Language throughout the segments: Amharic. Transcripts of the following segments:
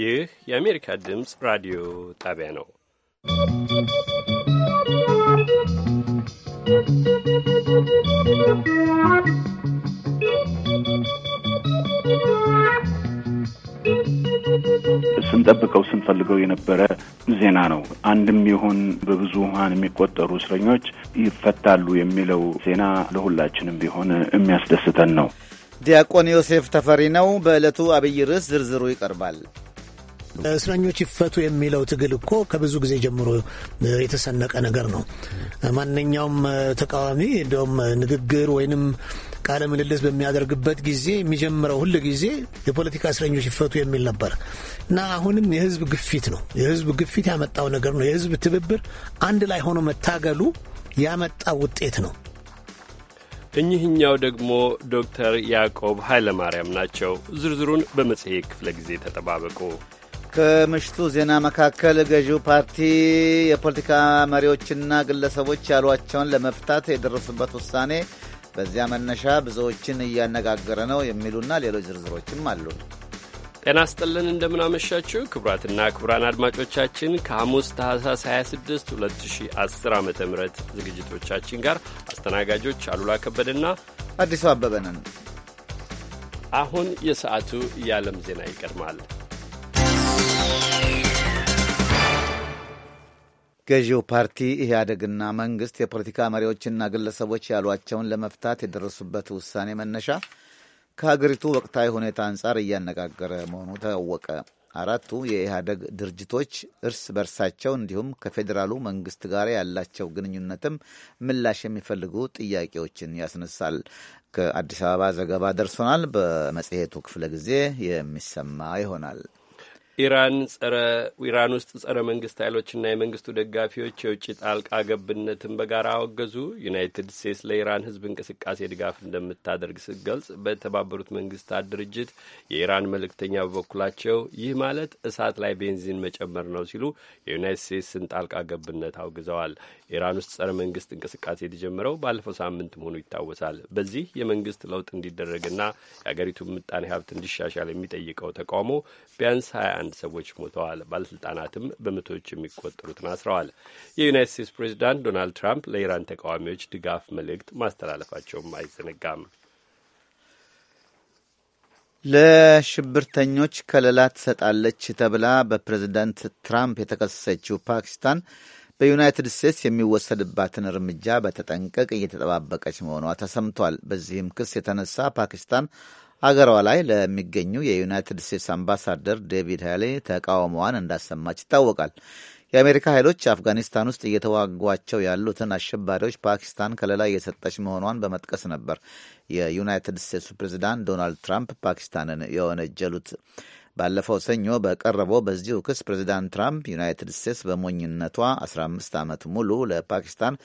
ይህ የአሜሪካ ድምፅ ራዲዮ ጣቢያ ነው። ስንጠብቀው ስንፈልገው የነበረ ዜና ነው። አንድም ይሁን በብዙሃን የሚቆጠሩ እስረኞች ይፈታሉ የሚለው ዜና ለሁላችንም ቢሆን የሚያስደስተን ነው። ዲያቆን ዮሴፍ ተፈሪ ነው። በዕለቱ አብይ ርዕስ ዝርዝሩ ይቀርባል። እስረኞች ይፈቱ የሚለው ትግል እኮ ከብዙ ጊዜ ጀምሮ የተሰነቀ ነገር ነው። ማንኛውም ተቃዋሚ እንዲሁም ንግግር ወይንም ቃለ ምልልስ በሚያደርግበት ጊዜ የሚጀምረው ሁል ጊዜ የፖለቲካ እስረኞች ይፈቱ የሚል ነበር እና አሁንም የህዝብ ግፊት ነው። የህዝብ ግፊት ያመጣው ነገር ነው። የህዝብ ትብብር አንድ ላይ ሆኖ መታገሉ ያመጣ ውጤት ነው። እኚህኛው ደግሞ ዶክተር ያዕቆብ ኃይለማርያም ናቸው። ዝርዝሩን በመጽሔት ክፍለ ጊዜ ተጠባበቁ። ከምሽቱ ዜና መካከል ገዢው ፓርቲ የፖለቲካ መሪዎችና ግለሰቦች ያሏቸውን ለመፍታት የደረሱበት ውሳኔ በዚያ መነሻ ብዙዎችን እያነጋገረ ነው የሚሉና ሌሎች ዝርዝሮችም አሉ። ጤና ስጥልን እንደምናመሻችሁ ክቡራትና ክቡራን አድማጮቻችን ከሐሙስ ታህሳስ 26 2010 ዓ ም ዝግጅቶቻችን ጋር አስተናጋጆች አሉላ ከበደና አዲሱ አበበ ነን። አሁን የሰዓቱ የዓለም ዜና ይቀድማል። ገዢው ፓርቲ ኢህአደግና መንግስት የፖለቲካ መሪዎችና ግለሰቦች ያሏቸውን ለመፍታት የደረሱበት ውሳኔ መነሻ ከሀገሪቱ ወቅታዊ ሁኔታ አንጻር እያነጋገረ መሆኑ ታወቀ። አራቱ የኢህአደግ ድርጅቶች እርስ በርሳቸው እንዲሁም ከፌዴራሉ መንግስት ጋር ያላቸው ግንኙነትም ምላሽ የሚፈልጉ ጥያቄዎችን ያስነሳል። ከአዲስ አበባ ዘገባ ደርሶናል። በመጽሔቱ ክፍለ ጊዜ የሚሰማ ይሆናል። ኢራን ጸረ ኢራን ውስጥ ጸረ መንግስት ኃይሎችና የመንግስቱ ደጋፊዎች የውጭ ጣልቃ ገብነትን በጋራ አወገዙ። ዩናይትድ ስቴትስ ለኢራን ህዝብ እንቅስቃሴ ድጋፍ እንደምታደርግ ስትገልጽ፣ በተባበሩት መንግስታት ድርጅት የኢራን መልእክተኛ በበኩላቸው ይህ ማለት እሳት ላይ ቤንዚን መጨመር ነው ሲሉ የዩናይትድ ስቴትስን ጣልቃ ገብነት አውግዘዋል። ኢራን ውስጥ ጸረ መንግስት እንቅስቃሴ የተጀመረው ባለፈው ሳምንት መሆኑ ይታወሳል። በዚህ የመንግስት ለውጥ እንዲደረግና የአገሪቱ ምጣኔ ሀብት እንዲሻሻል የሚጠይቀው ተቃውሞ ቢያንስ 21 ሰዎች ሞተዋል። ባለስልጣናትም በመቶዎች የሚቆጠሩትን አስረዋል። የዩናይት ስቴትስ ፕሬዚዳንት ዶናልድ ትራምፕ ለኢራን ተቃዋሚዎች ድጋፍ መልእክት ማስተላለፋቸውም አይዘነጋም። ለሽብርተኞች ከለላ ትሰጣለች ተብላ በፕሬዝዳንት ትራምፕ የተከሰሰችው ፓኪስታን በዩናይትድ ስቴትስ የሚወሰድባትን እርምጃ በተጠንቀቅ እየተጠባበቀች መሆኗ ተሰምቷል። በዚህም ክስ የተነሳ ፓኪስታን አገሯ ላይ ለሚገኙ የዩናይትድ ስቴትስ አምባሳደር ዴቪድ ሃይሌ ተቃውሞዋን እንዳሰማች ይታወቃል። የአሜሪካ ኃይሎች አፍጋኒስታን ውስጥ እየተዋጓቸው ያሉትን አሸባሪዎች ፓኪስታን ከለላ እየሰጠች መሆኗን በመጥቀስ ነበር የዩናይትድ ስቴትሱ ፕሬዚዳንት ዶናልድ ትራምፕ ፓኪስታንን የወነጀሉት። ባለፈው ሰኞ በቀረበው በዚሁ ክስ ፕሬዚዳንት ትራምፕ ዩናይትድ ስቴትስ በሞኝነቷ 15 ዓመት ሙሉ ለፓኪስታን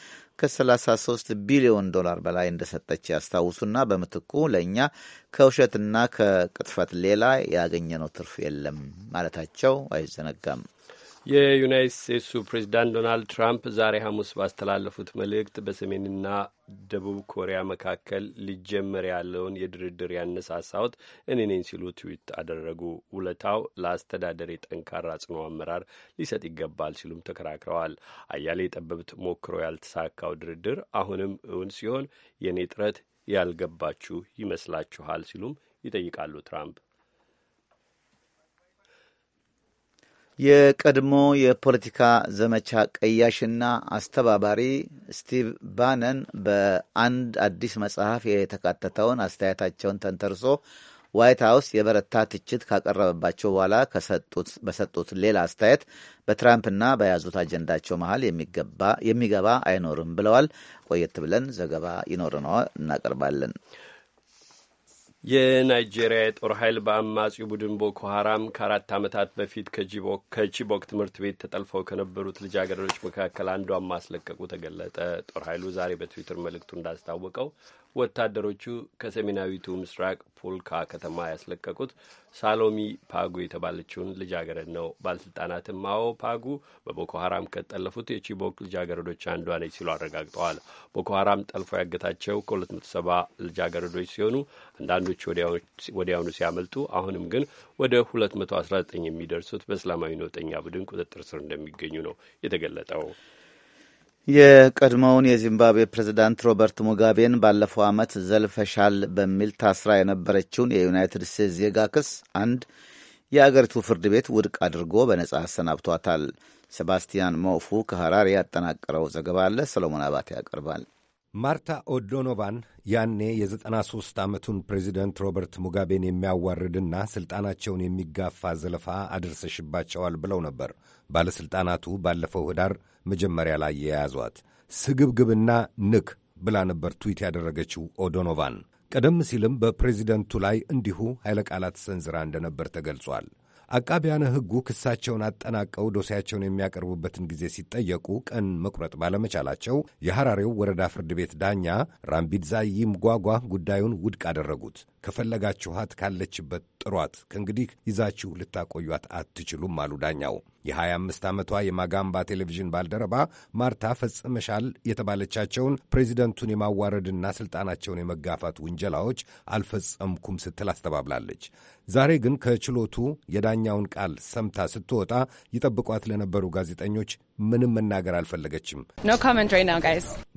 ከ33 ቢሊዮን ዶላር በላይ እንደሰጠች ያስታውሱና በምትኩ ለእኛ ከውሸትና ከቅጥፈት ሌላ ያገኘነው ትርፍ የለም ማለታቸው አይዘነጋም። የዩናይት ስቴትሱ ፕሬዚዳንት ዶናልድ ትራምፕ ዛሬ ሐሙስ ባስተላለፉት መልእክት በሰሜንና ደቡብ ኮሪያ መካከል ሊጀመር ያለውን የድርድር ያነሳሳሁት እኔ ነኝ ሲሉ ትዊት አደረጉ። ውለታው ለአስተዳደር የጠንካራ ጽኑ አመራር ሊሰጥ ይገባል ሲሉም ተከራክረዋል። አያሌ ጠበብት ሞክሮ ያልተሳካው ድርድር አሁንም እውን ሲሆን የእኔ ጥረት ያልገባችሁ ይመስላችኋል ሲሉም ይጠይቃሉ ትራምፕ የቀድሞ የፖለቲካ ዘመቻ ቀያሽና አስተባባሪ ስቲቭ ባነን በአንድ አዲስ መጽሐፍ የተካተተውን አስተያየታቸውን ተንተርሶ ዋይት ሀውስ የበረታ ትችት ካቀረበባቸው በኋላ በሰጡት ሌላ አስተያየት በትራምፕና በያዙት አጀንዳቸው መሀል የሚገባ አይኖርም ብለዋል። ቆየት ብለን ዘገባ ይኖርነዋል፣ እናቀርባለን። የናይጄሪያ የጦር ኃይል በአማጺው ቡድን ቦኮ ሀራም ከአራት ዓመታት በፊት ከቺቦክ ትምህርት ቤት ተጠልፈው ከነበሩት ልጃገረዶች መካከል አንዷን ማስለቀቁ ተገለጠ። ጦር ኃይሉ ዛሬ በትዊተር መልእክቱ እንዳስታወቀው ወታደሮቹ ከሰሜናዊቱ ምስራቅ ፑልካ ከተማ ያስለቀቁት ሳሎሚ ፓጉ የተባለችውን ልጃገረድ ነው። ባለስልጣናትም አዎ ፓጉ በቦኮ ሀራም ከጠለፉት የቺቦክ ልጃገረዶች አንዷ ነች ሲሉ አረጋግጠዋል። ቦኮ ሀራም ጠልፎ ያገታቸው ከ270 ልጃገረዶች ሲሆኑ አንዳንዶቹ ወዲያውኑ ሲያመልጡ፣ አሁንም ግን ወደ 219 የሚደርሱት በእስላማዊ ነውጠኛ ቡድን ቁጥጥር ስር እንደሚገኙ ነው የተገለጠው። የቀድሞውን የዚምባብዌ ፕሬዝዳንት ሮበርት ሙጋቤን ባለፈው ዓመት ዘልፈሻል በሚል ታስራ የነበረችውን የዩናይትድ ስቴትስ ዜጋ ክስ አንድ የአገሪቱ ፍርድ ቤት ውድቅ አድርጎ በነጻ አሰናብቷታል። ሴባስቲያን ሞፉ ከሐራሪ ያጠናቀረው ዘገባ አለ። ሰሎሞን አባቴ ያቀርባል። ማርታ ኦዶኖቫን ያኔ የ93 ዓመቱን ፕሬዚደንት ሮበርት ሙጋቤን የሚያዋርድና ሥልጣናቸውን የሚጋፋ ዘለፋ አድርሰሽባቸዋል ብለው ነበር ባለሥልጣናቱ ባለፈው ኅዳር መጀመሪያ ላይ የያዟት። ስግብግብና ንክ ብላ ነበር ትዊት ያደረገችው ኦዶኖቫን። ቀደም ሲልም በፕሬዚደንቱ ላይ እንዲሁ ኃይለ ቃላት ሰንዝራ እንደነበር ተገልጿል። አቃቢያነ ሕጉ ክሳቸውን አጠናቀው ዶሴያቸውን የሚያቀርቡበትን ጊዜ ሲጠየቁ ቀን መቁረጥ ባለመቻላቸው የሐራሬው ወረዳ ፍርድ ቤት ዳኛ ራምቢድዛይ ይምጓጓ ጉዳዩን ውድቅ አደረጉት። ከፈለጋችኋት ካለችበት ጥሯት፣ ከእንግዲህ ይዛችሁ ልታቆዩት አትችሉም አሉ ዳኛው። የ25 ዓመቷ የማጋምባ ቴሌቪዥን ባልደረባ ማርታ ፈጽመሻል የተባለቻቸውን ፕሬዚደንቱን የማዋረድና ስልጣናቸውን የመጋፋት ውንጀላዎች አልፈጸምኩም ስትል አስተባብላለች። ዛሬ ግን ከችሎቱ የዳኛውን ቃል ሰምታ ስትወጣ ይጠብቋት ለነበሩ ጋዜጠኞች ምንም መናገር አልፈለገችም።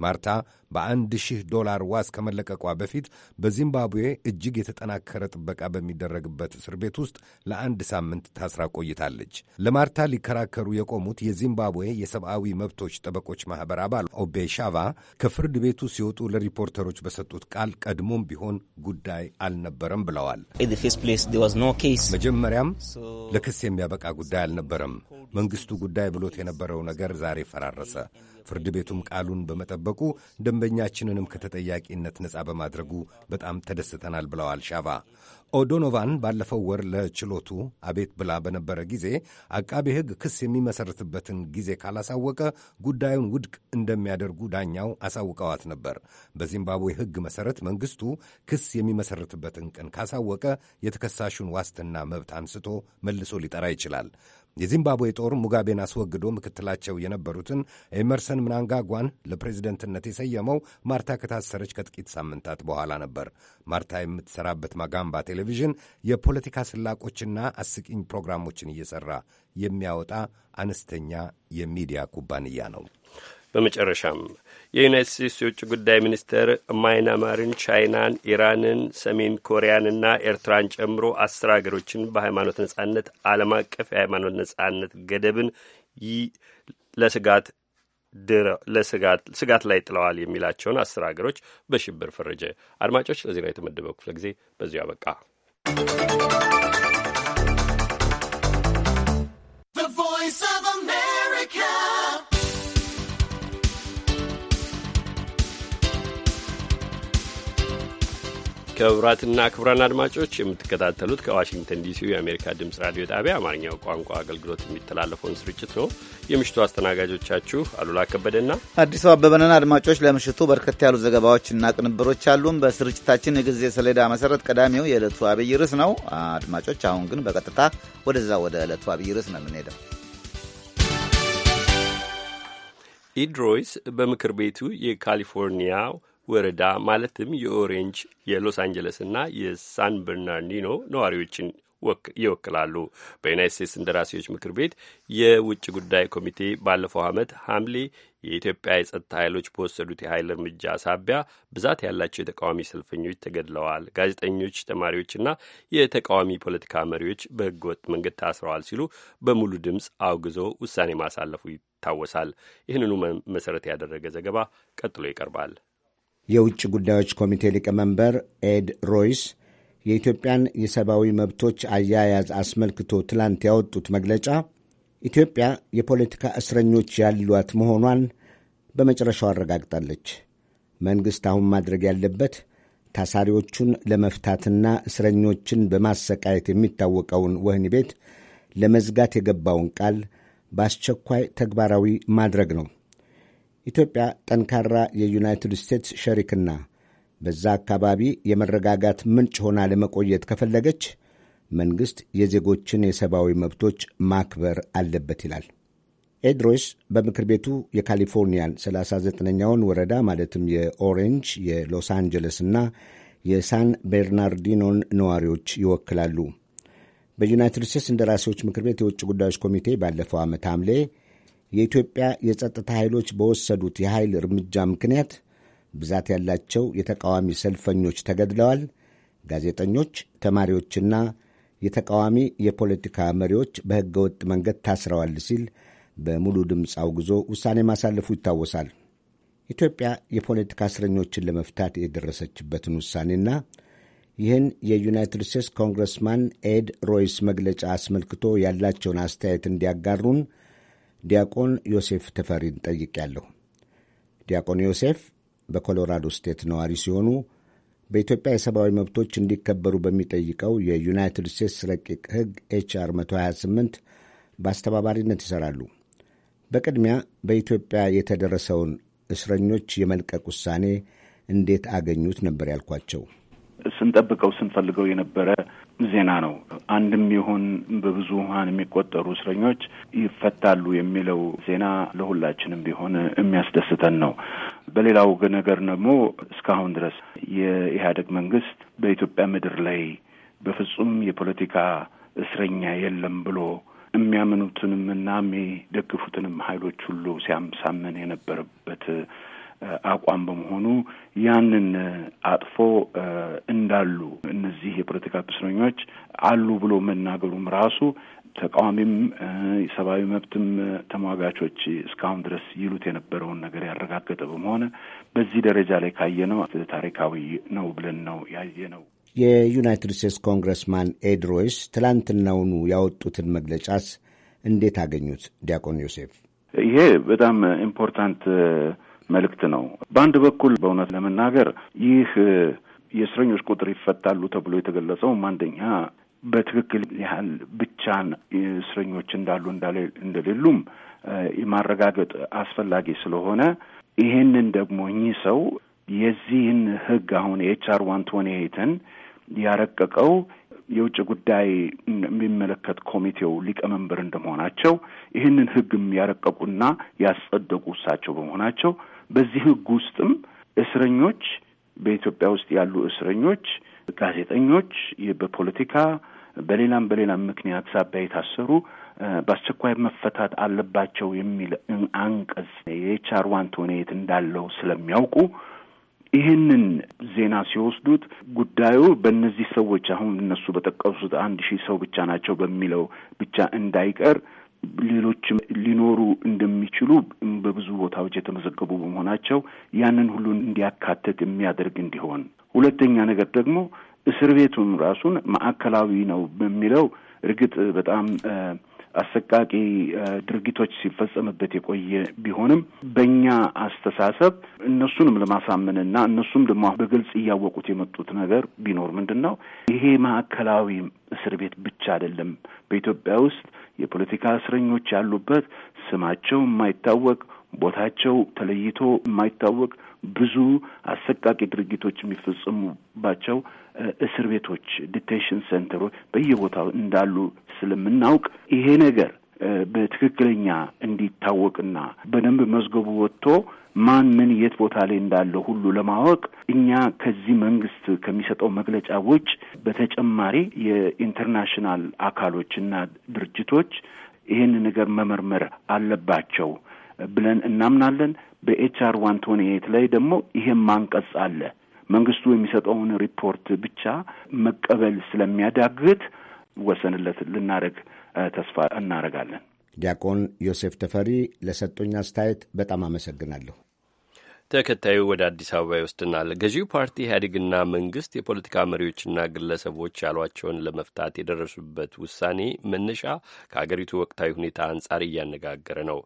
ማርታ በአንድ ሺህ ዶላር ዋስ ከመለቀቋ በፊት በዚምባብዌ እጅግ የተጠናከረ ጥበቃ በሚደረግበት እስር ቤት ውስጥ ለአንድ ሳምንት ታስራ ቆይታለች። ለማርታ ሊከራከሩ የቆሙት የዚምባብዌ የሰብአዊ መብቶች ጠበቆች ማኅበር አባል ኦቤሻቫ ከፍርድ ቤቱ ሲወጡ ለሪፖርተሮች በሰጡት ቃል ቀድሞም ቢሆን ጉዳይ አልነበረም ብለዋል። መጀመሪያም ለክስ የሚያበቃ ጉዳይ አልነበረም። መንግስቱ ጉዳይ ብሎት የነበረው ነገር ዛሬ ፈራረሰ። ፍርድ ቤቱም ቃሉን በመጠበቁ ደንበኛችንንም ከተጠያቂነት ነፃ በማድረጉ በጣም ተደስተናል ብለዋል ሻቫ። ኦዶኖቫን ባለፈው ወር ለችሎቱ አቤት ብላ በነበረ ጊዜ አቃቤ ሕግ ክስ የሚመሰርትበትን ጊዜ ካላሳወቀ ጉዳዩን ውድቅ እንደሚያደርጉ ዳኛው አሳውቀዋት ነበር። በዚምባብዌ ሕግ መሰረት መንግስቱ ክስ የሚመሰርትበትን ቀን ካሳወቀ የተከሳሹን ዋስትና መብት አንስቶ መልሶ ሊጠራ ይችላል። የዚምባብዌ ጦር ሙጋቤን አስወግዶ ምክትላቸው የነበሩትን ኤመርሰን ምናንጋጓን ለፕሬዝደንትነት የሰየመው ማርታ ከታሰረች ከጥቂት ሳምንታት በኋላ ነበር። ማርታ የምትሰራበት ማጋምባ ቴሌቪዥን የፖለቲካ ስላቆችና አስቂኝ ፕሮግራሞችን እየሰራ የሚያወጣ አነስተኛ የሚዲያ ኩባንያ ነው። በመጨረሻም የዩናይት ስቴትስ የውጭ ጉዳይ ሚኒስቴር ማይናማርን፣ ቻይናን፣ ኢራንን፣ ሰሜን ኮሪያንና ኤርትራን ጨምሮ አስር ሀገሮችን በሃይማኖት ነጻነት ዓለም አቀፍ የሃይማኖት ነጻነት ገደብን ለስጋት ስጋት ላይ ጥለዋል የሚላቸውን አስር ሀገሮች በሽብር ፈረጀ። አድማጮች፣ ለዜና የተመደበው ክፍለ ጊዜ በዚሁ አበቃ። ክቡራትና ክቡራን አድማጮች የምትከታተሉት ከዋሽንግተን ዲሲ የአሜሪካ ድምፅ ራዲዮ ጣቢያ አማርኛው ቋንቋ አገልግሎት የሚተላለፈውን ስርጭት ነው። የምሽቱ አስተናጋጆቻችሁ አሉላ ከበደና አዲሱ አበበንን። አድማጮች ለምሽቱ በርከት ያሉ ዘገባዎችና ቅንብሮች አሉን። በስርጭታችን የጊዜ ሰሌዳ መሰረት ቀዳሚው የዕለቱ አብይ ርዕስ ነው። አድማጮች አሁን ግን በቀጥታ ወደዛ ወደ ዕለቱ አብይ ርዕስ ነው የምንሄደው። ኢድሮይስ በምክር ቤቱ የካሊፎርኒያው ወረዳ ማለትም የኦሬንጅ የሎስ አንጀለስና የሳን በርናርዲኖ ነዋሪዎችን ይወክላሉ። በዩናይት ስቴትስ እንደራሴዎች ምክር ቤት የውጭ ጉዳይ ኮሚቴ ባለፈው ዓመት ሐምሌ የኢትዮጵያ የጸጥታ ኃይሎች በወሰዱት የኃይል እርምጃ ሳቢያ ብዛት ያላቸው የተቃዋሚ ሰልፈኞች ተገድለዋል፣ ጋዜጠኞች፣ ተማሪዎችና የተቃዋሚ ፖለቲካ መሪዎች በህገወጥ መንገድ ታስረዋል ሲሉ በሙሉ ድምፅ አውግዞ ውሳኔ ማሳለፉ ይታወሳል። ይህንኑ መሰረት ያደረገ ዘገባ ቀጥሎ ይቀርባል። የውጭ ጉዳዮች ኮሚቴ ሊቀመንበር ኤድ ሮይስ የኢትዮጵያን የሰብአዊ መብቶች አያያዝ አስመልክቶ ትላንት ያወጡት መግለጫ ኢትዮጵያ የፖለቲካ እስረኞች ያሏት መሆኗን በመጨረሻው አረጋግጣለች። መንግሥት አሁን ማድረግ ያለበት ታሳሪዎቹን ለመፍታትና እስረኞችን በማሰቃየት የሚታወቀውን ወህኒ ቤት ለመዝጋት የገባውን ቃል በአስቸኳይ ተግባራዊ ማድረግ ነው ኢትዮጵያ ጠንካራ የዩናይትድ ስቴትስ ሸሪክና በዛ አካባቢ የመረጋጋት ምንጭ ሆና ለመቆየት ከፈለገች መንግሥት የዜጎችን የሰብአዊ መብቶች ማክበር አለበት ይላል። ኤድሮይስ በምክር ቤቱ የካሊፎርኒያን 39ኛውን ወረዳ ማለትም የኦሬንጅ የሎስ ና የሳን ቤርናርዲኖን ነዋሪዎች ይወክላሉ። በዩናይትድ ስቴትስ እንደራሴዎች ምክር ቤት የውጭ ጉዳዮች ኮሚቴ ባለፈው ዓመት ሐምሌ የኢትዮጵያ የጸጥታ ኃይሎች በወሰዱት የኃይል እርምጃ ምክንያት ብዛት ያላቸው የተቃዋሚ ሰልፈኞች ተገድለዋል። ጋዜጠኞች፣ ተማሪዎችና የተቃዋሚ የፖለቲካ መሪዎች ወጥ መንገድ ታስረዋል ሲል በሙሉ ድምፅ አውግዞ ውሳኔ ማሳለፉ ይታወሳል። ኢትዮጵያ የፖለቲካ እስረኞችን ለመፍታት የደረሰችበትን ውሳኔና ይህን የዩናይትድ ስቴትስ ኮንግረስማን ኤድ ሮይስ መግለጫ አስመልክቶ ያላቸውን አስተያየት እንዲያጋሩን ዲያቆን ዮሴፍ ተፈሪን ጠይቄያለሁ። ዲያቆን ዮሴፍ በኮሎራዶ ስቴት ነዋሪ ሲሆኑ በኢትዮጵያ የሰብአዊ መብቶች እንዲከበሩ በሚጠይቀው የዩናይትድ ስቴትስ ረቂቅ ሕግ ኤችአር 128 በአስተባባሪነት ይሠራሉ። በቅድሚያ በኢትዮጵያ የተደረሰውን እስረኞች የመልቀቅ ውሳኔ እንዴት አገኙት ነበር ያልኳቸው። ስንጠብቀው ስንፈልገው የነበረ ዜና ነው። አንድም ይሁን ውሀን የሚቆጠሩ እስረኞች ይፈታሉ የሚለው ዜና ለሁላችንም ቢሆን የሚያስደስተን ነው። በሌላው ነገር ደግሞ እስካሁን ድረስ የኢህአደግ መንግስት በኢትዮጵያ ምድር ላይ በፍጹም የፖለቲካ እስረኛ የለም ብሎ የሚያምኑትንም እና የሚደግፉትንም ሀይሎች ሁሉ ሲያሳምን የነበረበት አቋም በመሆኑ ያንን አጥፎ እንዳሉ እነዚህ የፖለቲካ እስረኞች አሉ ብሎ መናገሩም ራሱ ተቃዋሚም የሰብአዊ መብትም ተሟጋቾች እስካሁን ድረስ ይሉት የነበረውን ነገር ያረጋገጠ በመሆነ በዚህ ደረጃ ላይ ካየነው ታሪካዊ ነው ብለን ነው ያየነው። የዩናይትድ ስቴትስ ኮንግረስማን ኤድ ሮይስ ትላንትናውኑ ያወጡትን መግለጫስ እንዴት አገኙት? ዲያቆን ዮሴፍ፣ ይሄ በጣም ኢምፖርታንት መልእክት ነው። በአንድ በኩል በእውነት ለመናገር ይህ የእስረኞች ቁጥር ይፈታሉ ተብሎ የተገለጸውም አንደኛ በትክክል ያህል ብቻን እስረኞች እንዳሉ እንደሌሉም የማረጋገጥ አስፈላጊ ስለሆነ ይሄንን ደግሞ እኚህ ሰው የዚህን ህግ አሁን ኤች አር ዋን ቶኒ ያረቀቀው የውጭ ጉዳይ የሚመለከት ኮሚቴው ሊቀመንበር እንደመሆናቸው ይህንን ህግም ያረቀቁና ያስጸደቁ እሳቸው በመሆናቸው በዚህ ህግ ውስጥም እስረኞች በኢትዮጵያ ውስጥ ያሉ እስረኞች፣ ጋዜጠኞች በፖለቲካ በሌላም በሌላም ምክንያት ሳቢያ የታሰሩ በአስቸኳይ መፈታት አለባቸው የሚል አንቀጽ የኤችአር ዋን ተወኔት እንዳለው ስለሚያውቁ ይህንን ዜና ሲወስዱት ጉዳዩ በእነዚህ ሰዎች አሁን እነሱ በጠቀሱት አንድ ሺህ ሰው ብቻ ናቸው በሚለው ብቻ እንዳይቀር ሌሎችም ሊኖሩ እንደሚችሉ በብዙ ቦታዎች የተመዘገቡ በመሆናቸው ያንን ሁሉ እንዲያካትት የሚያደርግ እንዲሆን፣ ሁለተኛ ነገር ደግሞ እስር ቤቱን ራሱን ማዕከላዊ ነው በሚለው እርግጥ በጣም አሰቃቂ ድርጊቶች ሲፈጸምበት የቆየ ቢሆንም በእኛ አስተሳሰብ እነሱንም ለማሳመንና እነሱም ደግሞ በግልጽ እያወቁት የመጡት ነገር ቢኖር ምንድን ነው ይሄ ማዕከላዊ እስር ቤት ብቻ አይደለም። በኢትዮጵያ ውስጥ የፖለቲካ እስረኞች ያሉበት ስማቸው የማይታወቅ ቦታቸው ተለይቶ የማይታወቅ ብዙ አሰቃቂ ድርጊቶች የሚፈጸሙባቸው እስር ቤቶች ዲቴንሽን ሴንተሮች በየቦታው እንዳሉ ስለምናውቅ ይሄ ነገር በትክክለኛ እንዲታወቅና በደንብ መዝገቡ ወጥቶ ማን ምን የት ቦታ ላይ እንዳለው ሁሉ ለማወቅ እኛ ከዚህ መንግስት ከሚሰጠው መግለጫ ውጭ በተጨማሪ የኢንተርናሽናል እና ድርጅቶች ይህን ነገር መመርመር አለባቸው ብለን እናምናለን። በኤችአር ዋን ቶኒ ኤት ላይ ደግሞ ይሄም ማንቀጽ አለ። መንግስቱ የሚሰጠውን ሪፖርት ብቻ መቀበል ስለሚያዳግት ወሰንለት ልናደርግ ተስፋ እናደርጋለን። ዲያቆን ዮሴፍ ተፈሪ ለሰጡኝ አስተያየት በጣም አመሰግናለሁ። ተከታዩ ወደ አዲስ አበባ ይወስድናል። ገዢው ፓርቲ ኢህአዴግና መንግስት የፖለቲካ መሪዎችና ግለሰቦች ያሏቸውን ለመፍታት የደረሱበት ውሳኔ መነሻ ከአገሪቱ ወቅታዊ ሁኔታ አንጻር እያነጋገረ ነው።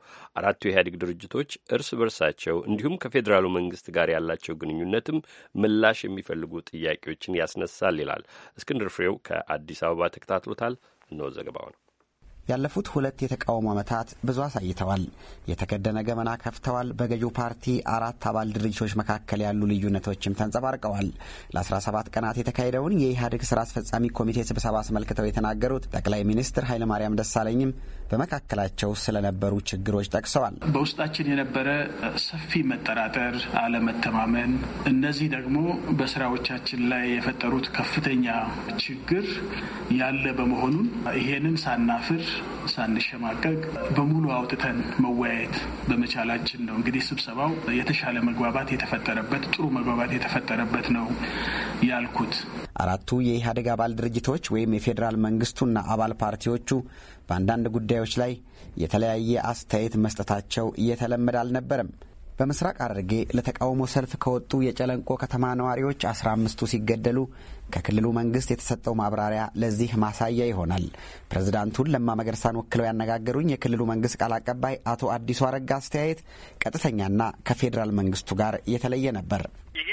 አራቱ የኢህአዴግ ድርጅቶች እርስ በርሳቸው እንዲሁም ከፌዴራሉ መንግስት ጋር ያላቸው ግንኙነትም ምላሽ የሚፈልጉ ጥያቄዎችን ያስነሳል ይላል። እስክንድር ፍሬው ከአዲስ አበባ ተከታትሎታል። እነሆ ዘገባው ነው። ያለፉት ሁለት የተቃውሞ ዓመታት ብዙ አሳይተዋል። የተከደነ ገመና ከፍተዋል። በገዢው ፓርቲ አራት አባል ድርጅቶች መካከል ያሉ ልዩነቶችም ተንጸባርቀዋል። ለ17 ቀናት የተካሄደውን የኢህአዴግ ስራ አስፈጻሚ ኮሚቴ ስብሰባ አስመልክተው የተናገሩት ጠቅላይ ሚኒስትር ኃይለማርያም ደሳለኝም በመካከላቸው ስለነበሩ ችግሮች ጠቅሰዋል። በውስጣችን የነበረ ሰፊ መጠራጠር፣ አለመተማመን፣ እነዚህ ደግሞ በስራዎቻችን ላይ የፈጠሩት ከፍተኛ ችግር ያለ በመሆኑን ይሄንን ሳናፍር ሳንሸማቀቅ በሙሉ አውጥተን መወያየት በመቻላችን ነው። እንግዲህ ስብሰባው የተሻለ መግባባት የተፈጠረበት ጥሩ መግባባት የተፈጠረበት ነው ያልኩት። አራቱ የኢህአዴግ አባል ድርጅቶች ወይም የፌዴራል መንግስቱና አባል ፓርቲዎቹ በአንዳንድ ጉዳዮች ላይ የተለያየ አስተያየት መስጠታቸው እየተለመደ አልነበረም። በምስራቅ ሐረርጌ ለተቃውሞ ሰልፍ ከወጡ የጨለንቆ ከተማ ነዋሪዎች አስራ አምስቱ ሲገደሉ ከክልሉ መንግስት የተሰጠው ማብራሪያ ለዚህ ማሳያ ይሆናል። ፕሬዝዳንቱን ለማ መገርሳን ወክለው ያነጋገሩኝ የክልሉ መንግስት ቃል አቀባይ አቶ አዲሱ አረጋ አስተያየት ቀጥተኛና ከፌዴራል መንግስቱ ጋር የተለየ ነበር። ይሄ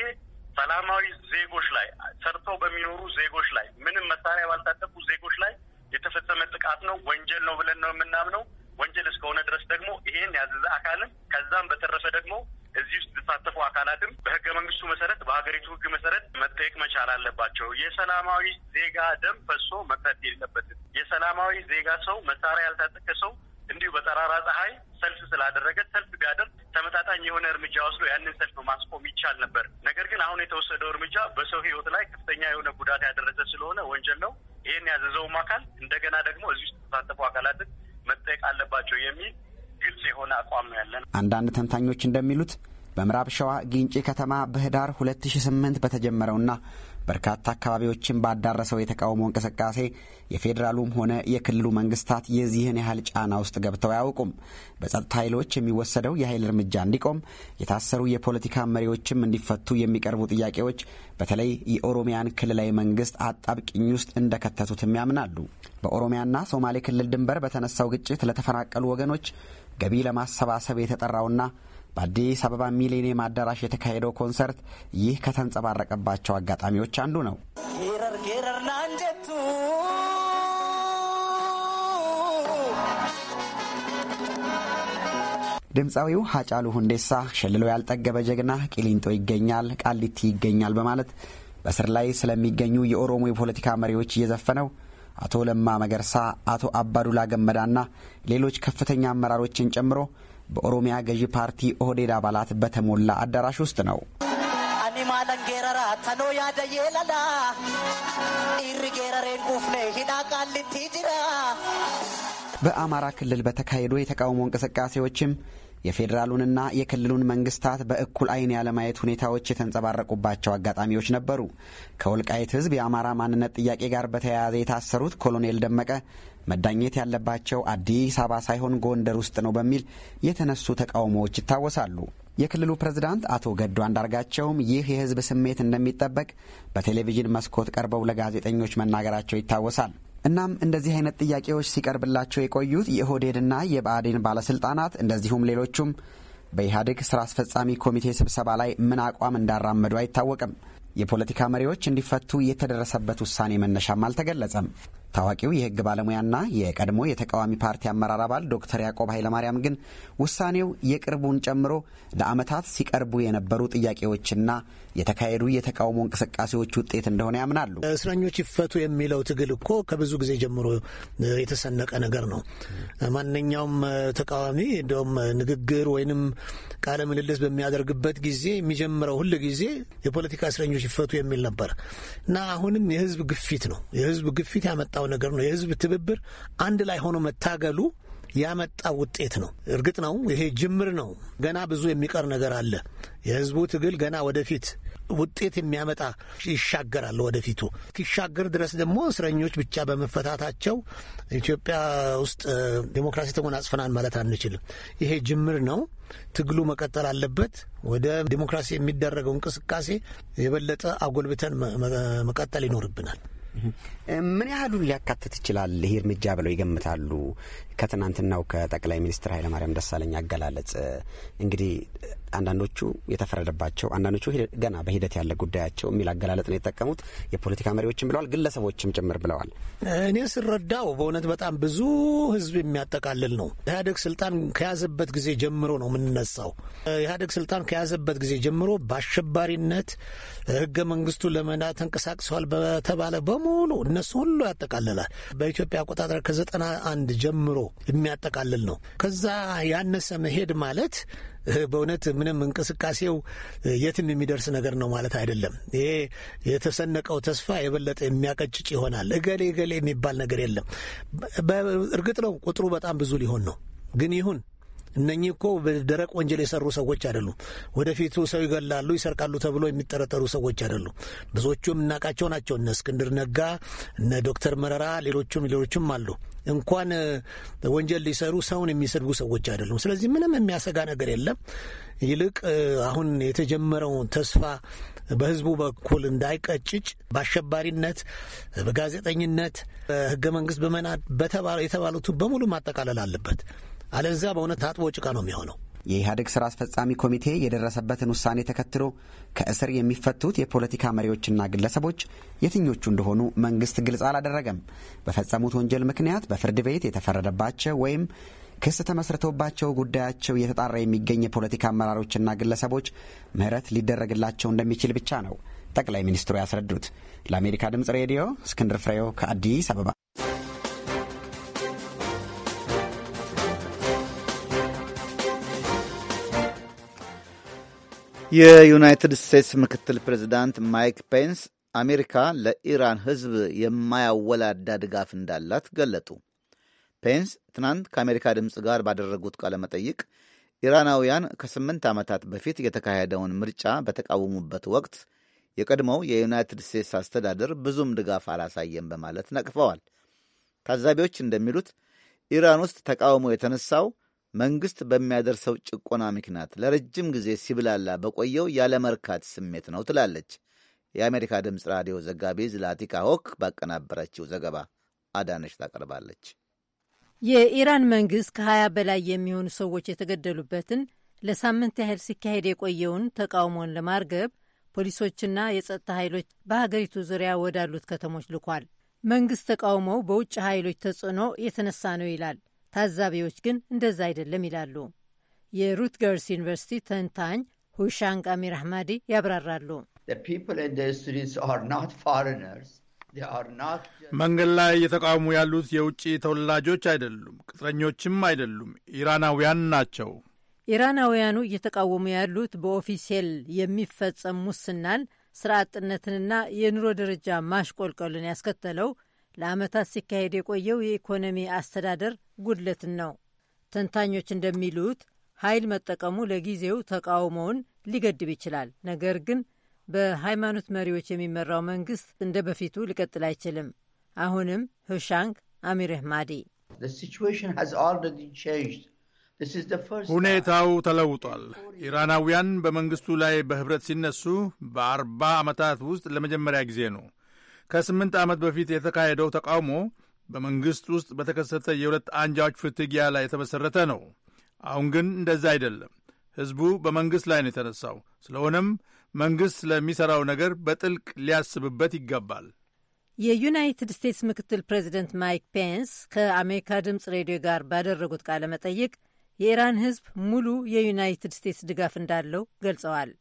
ሰላማዊ ዜጎች ላይ ሰርተው በሚኖሩ ዜጎች ላይ ምንም መሳሪያ ባልታጠቁ ዜጎች ላይ የተፈጸመ ጥቃት ነው፣ ወንጀል ነው ብለን ነው የምናምነው። ወንጀል እስከሆነ ድረስ ደግሞ ይሄን ያዘዘ አካልን ከዛም በተረፈ ደግሞ እዚህ ውስጥ የተሳተፉ አካላትም በህገ መንግስቱ መሰረት በሀገሪቱ ህግ መሰረት መጠየቅ መቻል አለባቸው። የሰላማዊ ዜጋ ደም ፈሶ መቅረት የለበትም። የሰላማዊ ዜጋ ሰው መሳሪያ ያልታጠቀ ሰው እንዲሁ በጠራራ ፀሐይ ሰልፍ ስላደረገ ሰልፍ ቢያደርግ ተመጣጣኝ የሆነ እርምጃ ወስዶ ያንን ሰልፍ ማስቆም ይቻል ነበር። ነገር ግን አሁን የተወሰደው እርምጃ በሰው ህይወት ላይ ከፍተኛ የሆነ ጉዳት ያደረሰ ስለሆነ ወንጀል ነው። ይህን ያዘዘውም አካል እንደገና ደግሞ እዚህ ውስጥ የተሳተፉ አካላትን መጠየቅ አለባቸው የሚል ግልጽ የሆነ አቋም ነው ያለን። አንዳንድ ተንታኞች እንደሚሉት በምዕራብ ሸዋ ጊንጪ ከተማ በህዳር 2008 በተጀመረውና በርካታ አካባቢዎችን ባዳረሰው የተቃውሞ እንቅስቃሴ የፌዴራሉም ሆነ የክልሉ መንግስታት የዚህን ያህል ጫና ውስጥ ገብተው አያውቁም። በጸጥታ ኃይሎች የሚወሰደው የኃይል እርምጃ እንዲቆም፣ የታሰሩ የፖለቲካ መሪዎችም እንዲፈቱ የሚቀርቡ ጥያቄዎች በተለይ የኦሮሚያን ክልላዊ መንግስት አጣብቂኝ ውስጥ እንደከተቱትም ያምናሉ። በኦሮሚያና ሶማሌ ክልል ድንበር በተነሳው ግጭት ለተፈናቀሉ ወገኖች ገቢ ለማሰባሰብ የተጠራውና በአዲስ አበባ ሚሌኒየም አዳራሽ የተካሄደው ኮንሰርት ይህ ከተንጸባረቀባቸው አጋጣሚዎች አንዱ ነው። ጌረር ጌረር ድምፃዊው ሀጫሉ ሁንዴሳ ሸልሎ ያልጠገበ ጀግና ቂሊንጦ ይገኛል፣ ቃሊቲ ይገኛል በማለት በስር ላይ ስለሚገኙ የኦሮሞ የፖለቲካ መሪዎች እየዘፈነው አቶ ለማ መገርሳ፣ አቶ አባዱላ ገመዳና ሌሎች ከፍተኛ አመራሮችን ጨምሮ በኦሮሚያ ገዢ ፓርቲ ኦህዴድ አባላት በተሞላ አዳራሽ ውስጥ ነው። በአማራ ክልል በተካሄዱ የተቃውሞ እንቅስቃሴዎችም የፌዴራሉንና የክልሉን መንግስታት በእኩል ዓይን ያለማየት ሁኔታዎች የተንጸባረቁባቸው አጋጣሚዎች ነበሩ። ከወልቃይት ሕዝብ የአማራ ማንነት ጥያቄ ጋር በተያያዘ የታሰሩት ኮሎኔል ደመቀ መዳኘት ያለባቸው አዲስ አበባ ሳይሆን ጎንደር ውስጥ ነው በሚል የተነሱ ተቃውሞዎች ይታወሳሉ። የክልሉ ፕሬዝዳንት አቶ ገዱ አንዳርጋቸውም ይህ የህዝብ ስሜት እንደሚጠበቅ በቴሌቪዥን መስኮት ቀርበው ለጋዜጠኞች መናገራቸው ይታወሳል። እናም እንደዚህ አይነት ጥያቄዎች ሲቀርብላቸው የቆዩት የኦህዴድና የብአዴን ባለስልጣናት እንደዚሁም ሌሎቹም በኢህአዴግ ስራ አስፈጻሚ ኮሚቴ ስብሰባ ላይ ምን አቋም እንዳራመዱ አይታወቅም። የፖለቲካ መሪዎች እንዲፈቱ የተደረሰበት ውሳኔ መነሻም አልተገለጸም። ታዋቂው የህግ ባለሙያና የቀድሞ የተቃዋሚ ፓርቲ አመራር አባል ዶክተር ያዕቆብ ኃይለማርያም ግን ውሳኔው የቅርቡን ጨምሮ ለአመታት ሲቀርቡ የነበሩ ጥያቄዎችና የተካሄዱ የተቃውሞ እንቅስቃሴዎች ውጤት እንደሆነ ያምናሉ። እስረኞች ይፈቱ የሚለው ትግል እኮ ከብዙ ጊዜ ጀምሮ የተሰነቀ ነገር ነው። ማንኛውም ተቃዋሚ እንዲሁም ንግግር ወይንም ቃለ ምልልስ በሚያደርግበት ጊዜ የሚጀምረው ሁል ጊዜ የፖለቲካ እስረኞች ይፈቱ የሚል ነበር እና አሁንም የህዝብ ግፊት ነው። የህዝብ ግፊት ያመጣው ነገር ነው። የህዝብ ትብብር አንድ ላይ ሆኖ መታገሉ ያመጣ ውጤት ነው። እርግጥ ነው ይሄ ጅምር ነው። ገና ብዙ የሚቀር ነገር አለ። የህዝቡ ትግል ገና ወደፊት ውጤት የሚያመጣ ይሻገራል ወደፊቱ። እስኪሻገር ድረስ ደግሞ እስረኞች ብቻ በመፈታታቸው ኢትዮጵያ ውስጥ ዴሞክራሲ ተጎናጽፈናል ማለት አንችልም። ይሄ ጅምር ነው። ትግሉ መቀጠል አለበት። ወደ ዴሞክራሲ የሚደረገው እንቅስቃሴ የበለጠ አጎልብተን መቀጠል ይኖርብናል። ምን ያህሉን ሊያካትት ይችላል ይህ እርምጃ ብለው ይገምታሉ? ከትናንትናው ከጠቅላይ ሚኒስትር ኃይለማርያም ደሳለኝ አገላለጽ እንግዲህ አንዳንዶቹ የተፈረደባቸው አንዳንዶቹ ገና በሂደት ያለ ጉዳያቸው የሚል አገላለጽ ነው የተጠቀሙት። የፖለቲካ መሪዎችም ብለዋል፣ ግለሰቦችም ጭምር ብለዋል። እኔ ስረዳው በእውነት በጣም ብዙ ህዝብ የሚያጠቃልል ነው። ኢህአዴግ ስልጣን ከያዘበት ጊዜ ጀምሮ ነው የምንነሳው። ኢህአዴግ ስልጣን ከያዘበት ጊዜ ጀምሮ በአሸባሪነት ህገ መንግስቱ ለመናድ ተንቀሳቅሰዋል በተባለ በሙሉ እነሱ ሁሉ ያጠቃልላል። በኢትዮጵያ አቆጣጠር ከዘጠና አንድ ጀምሮ የሚያጠቃልል ነው። ከዛ ያነሰ መሄድ ማለት በእውነት ምንም እንቅስቃሴው የትም የሚደርስ ነገር ነው ማለት አይደለም። ይሄ የተሰነቀው ተስፋ የበለጠ የሚያቀጭጭ ይሆናል። እገሌ እገሌ የሚባል ነገር የለም። እርግጥ ነው ቁጥሩ በጣም ብዙ ሊሆን ነው፣ ግን ይሁን እነኚህ እኮ ደረቅ ወንጀል የሰሩ ሰዎች አይደሉም። ወደፊቱ ሰው ይገላሉ፣ ይሰርቃሉ ተብሎ የሚጠረጠሩ ሰዎች አይደሉም። ብዙዎቹ የምናውቃቸው ናቸው። እነ እስክንድር ነጋ፣ እነ ዶክተር መረራ ሌሎቹም ሌሎቹም አሉ። እንኳን ወንጀል ሊሰሩ ሰውን የሚሰድቡ ሰዎች አይደሉም። ስለዚህ ምንም የሚያሰጋ ነገር የለም። ይልቅ አሁን የተጀመረው ተስፋ በህዝቡ በኩል እንዳይቀጭጭ በአሸባሪነት፣ በጋዜጠኝነት፣ በህገ መንግስት በመናድ የተባሉትን በሙሉ ማጠቃለል አለበት። አለዚያ በእውነት ታጥቦ ጭቃ ነው የሚሆነው። የኢህአዴግ ስራ አስፈጻሚ ኮሚቴ የደረሰበትን ውሳኔ ተከትሎ ከእስር የሚፈቱት የፖለቲካ መሪዎችና ግለሰቦች የትኞቹ እንደሆኑ መንግስት ግልጽ አላደረገም። በፈጸሙት ወንጀል ምክንያት በፍርድ ቤት የተፈረደባቸው ወይም ክስ ተመስርቶባቸው ጉዳያቸው እየተጣራ የሚገኝ የፖለቲካ አመራሮችና ግለሰቦች ምህረት ሊደረግላቸው እንደሚችል ብቻ ነው ጠቅላይ ሚኒስትሩ ያስረዱት። ለአሜሪካ ድምጽ ሬዲዮ እስክንድር ፍሬው ከአዲስ አበባ የዩናይትድ ስቴትስ ምክትል ፕሬዚዳንት ማይክ ፔንስ አሜሪካ ለኢራን ሕዝብ የማያወላዳ ድጋፍ እንዳላት ገለጡ። ፔንስ ትናንት ከአሜሪካ ድምፅ ጋር ባደረጉት ቃለ መጠይቅ ኢራናውያን ከስምንት ዓመታት በፊት የተካሄደውን ምርጫ በተቃወሙበት ወቅት የቀድሞው የዩናይትድ ስቴትስ አስተዳደር ብዙም ድጋፍ አላሳየም በማለት ነቅፈዋል። ታዛቢዎች እንደሚሉት ኢራን ውስጥ ተቃውሞ የተነሳው መንግሥት በሚያደርሰው ጭቆና ምክንያት ለረጅም ጊዜ ሲብላላ በቆየው ያለመርካት ስሜት ነው ትላለች የአሜሪካ ድምፅ ራዲዮ ዘጋቢ ዝላቲካ ሆክ ባቀናበረችው ዘገባ አዳነች ታቀርባለች። የኢራን መንግሥት ከ20 በላይ የሚሆኑ ሰዎች የተገደሉበትን ለሳምንት ያህል ሲካሄድ የቆየውን ተቃውሞን ለማርገብ ፖሊሶችና የጸጥታ ኃይሎች በሀገሪቱ ዙሪያ ወዳሉት ከተሞች ልኳል። መንግሥት ተቃውሞው በውጭ ኃይሎች ተጽዕኖ የተነሳ ነው ይላል ታዛቢዎች ግን እንደዛ አይደለም ይላሉ። የሩትገርስ ዩኒቨርሲቲ ተንታኝ ሁሻንግ አሚር አህማዲ ያብራራሉ። መንገድ ላይ እየተቃወሙ ያሉት የውጭ ተወላጆች አይደሉም፣ ቅጥረኞችም አይደሉም፣ ኢራናውያን ናቸው። ኢራናውያኑ እየተቃወሙ ያሉት በኦፊሴል የሚፈጸም ሙስናን፣ ስርዓትነትንና የኑሮ ደረጃ ማሽቆልቆልን ያስከተለው ለዓመታት ሲካሄድ የቆየው የኢኮኖሚ አስተዳደር ጉድለትን ነው። ተንታኞች እንደሚሉት ኃይል መጠቀሙ ለጊዜው ተቃውሞውን ሊገድብ ይችላል። ነገር ግን በሃይማኖት መሪዎች የሚመራው መንግስት እንደ በፊቱ ሊቀጥል አይችልም። አሁንም ህሻንግ አሚርህ ማዲ ሁኔታው ተለውጧል። ኢራናውያን በመንግስቱ ላይ በህብረት ሲነሱ በአርባ ዓመታት ውስጥ ለመጀመሪያ ጊዜ ነው። ከስምንት ዓመት በፊት የተካሄደው ተቃውሞ በመንግሥት ውስጥ በተከሰተ የሁለት አንጃዎች ፍትጊያ ላይ የተመሠረተ ነው። አሁን ግን እንደዛ አይደለም። ሕዝቡ በመንግሥት ላይ ነው የተነሳው። ስለሆነም መንግሥት ስለሚሠራው ነገር በጥልቅ ሊያስብበት ይገባል። የዩናይትድ ስቴትስ ምክትል ፕሬዚደንት ማይክ ፔንስ ከአሜሪካ ድምፅ ሬዲዮ ጋር ባደረጉት ቃለ መጠይቅ የኢራን ሕዝብ ሙሉ የዩናይትድ ስቴትስ ድጋፍ እንዳለው ገልጸዋል።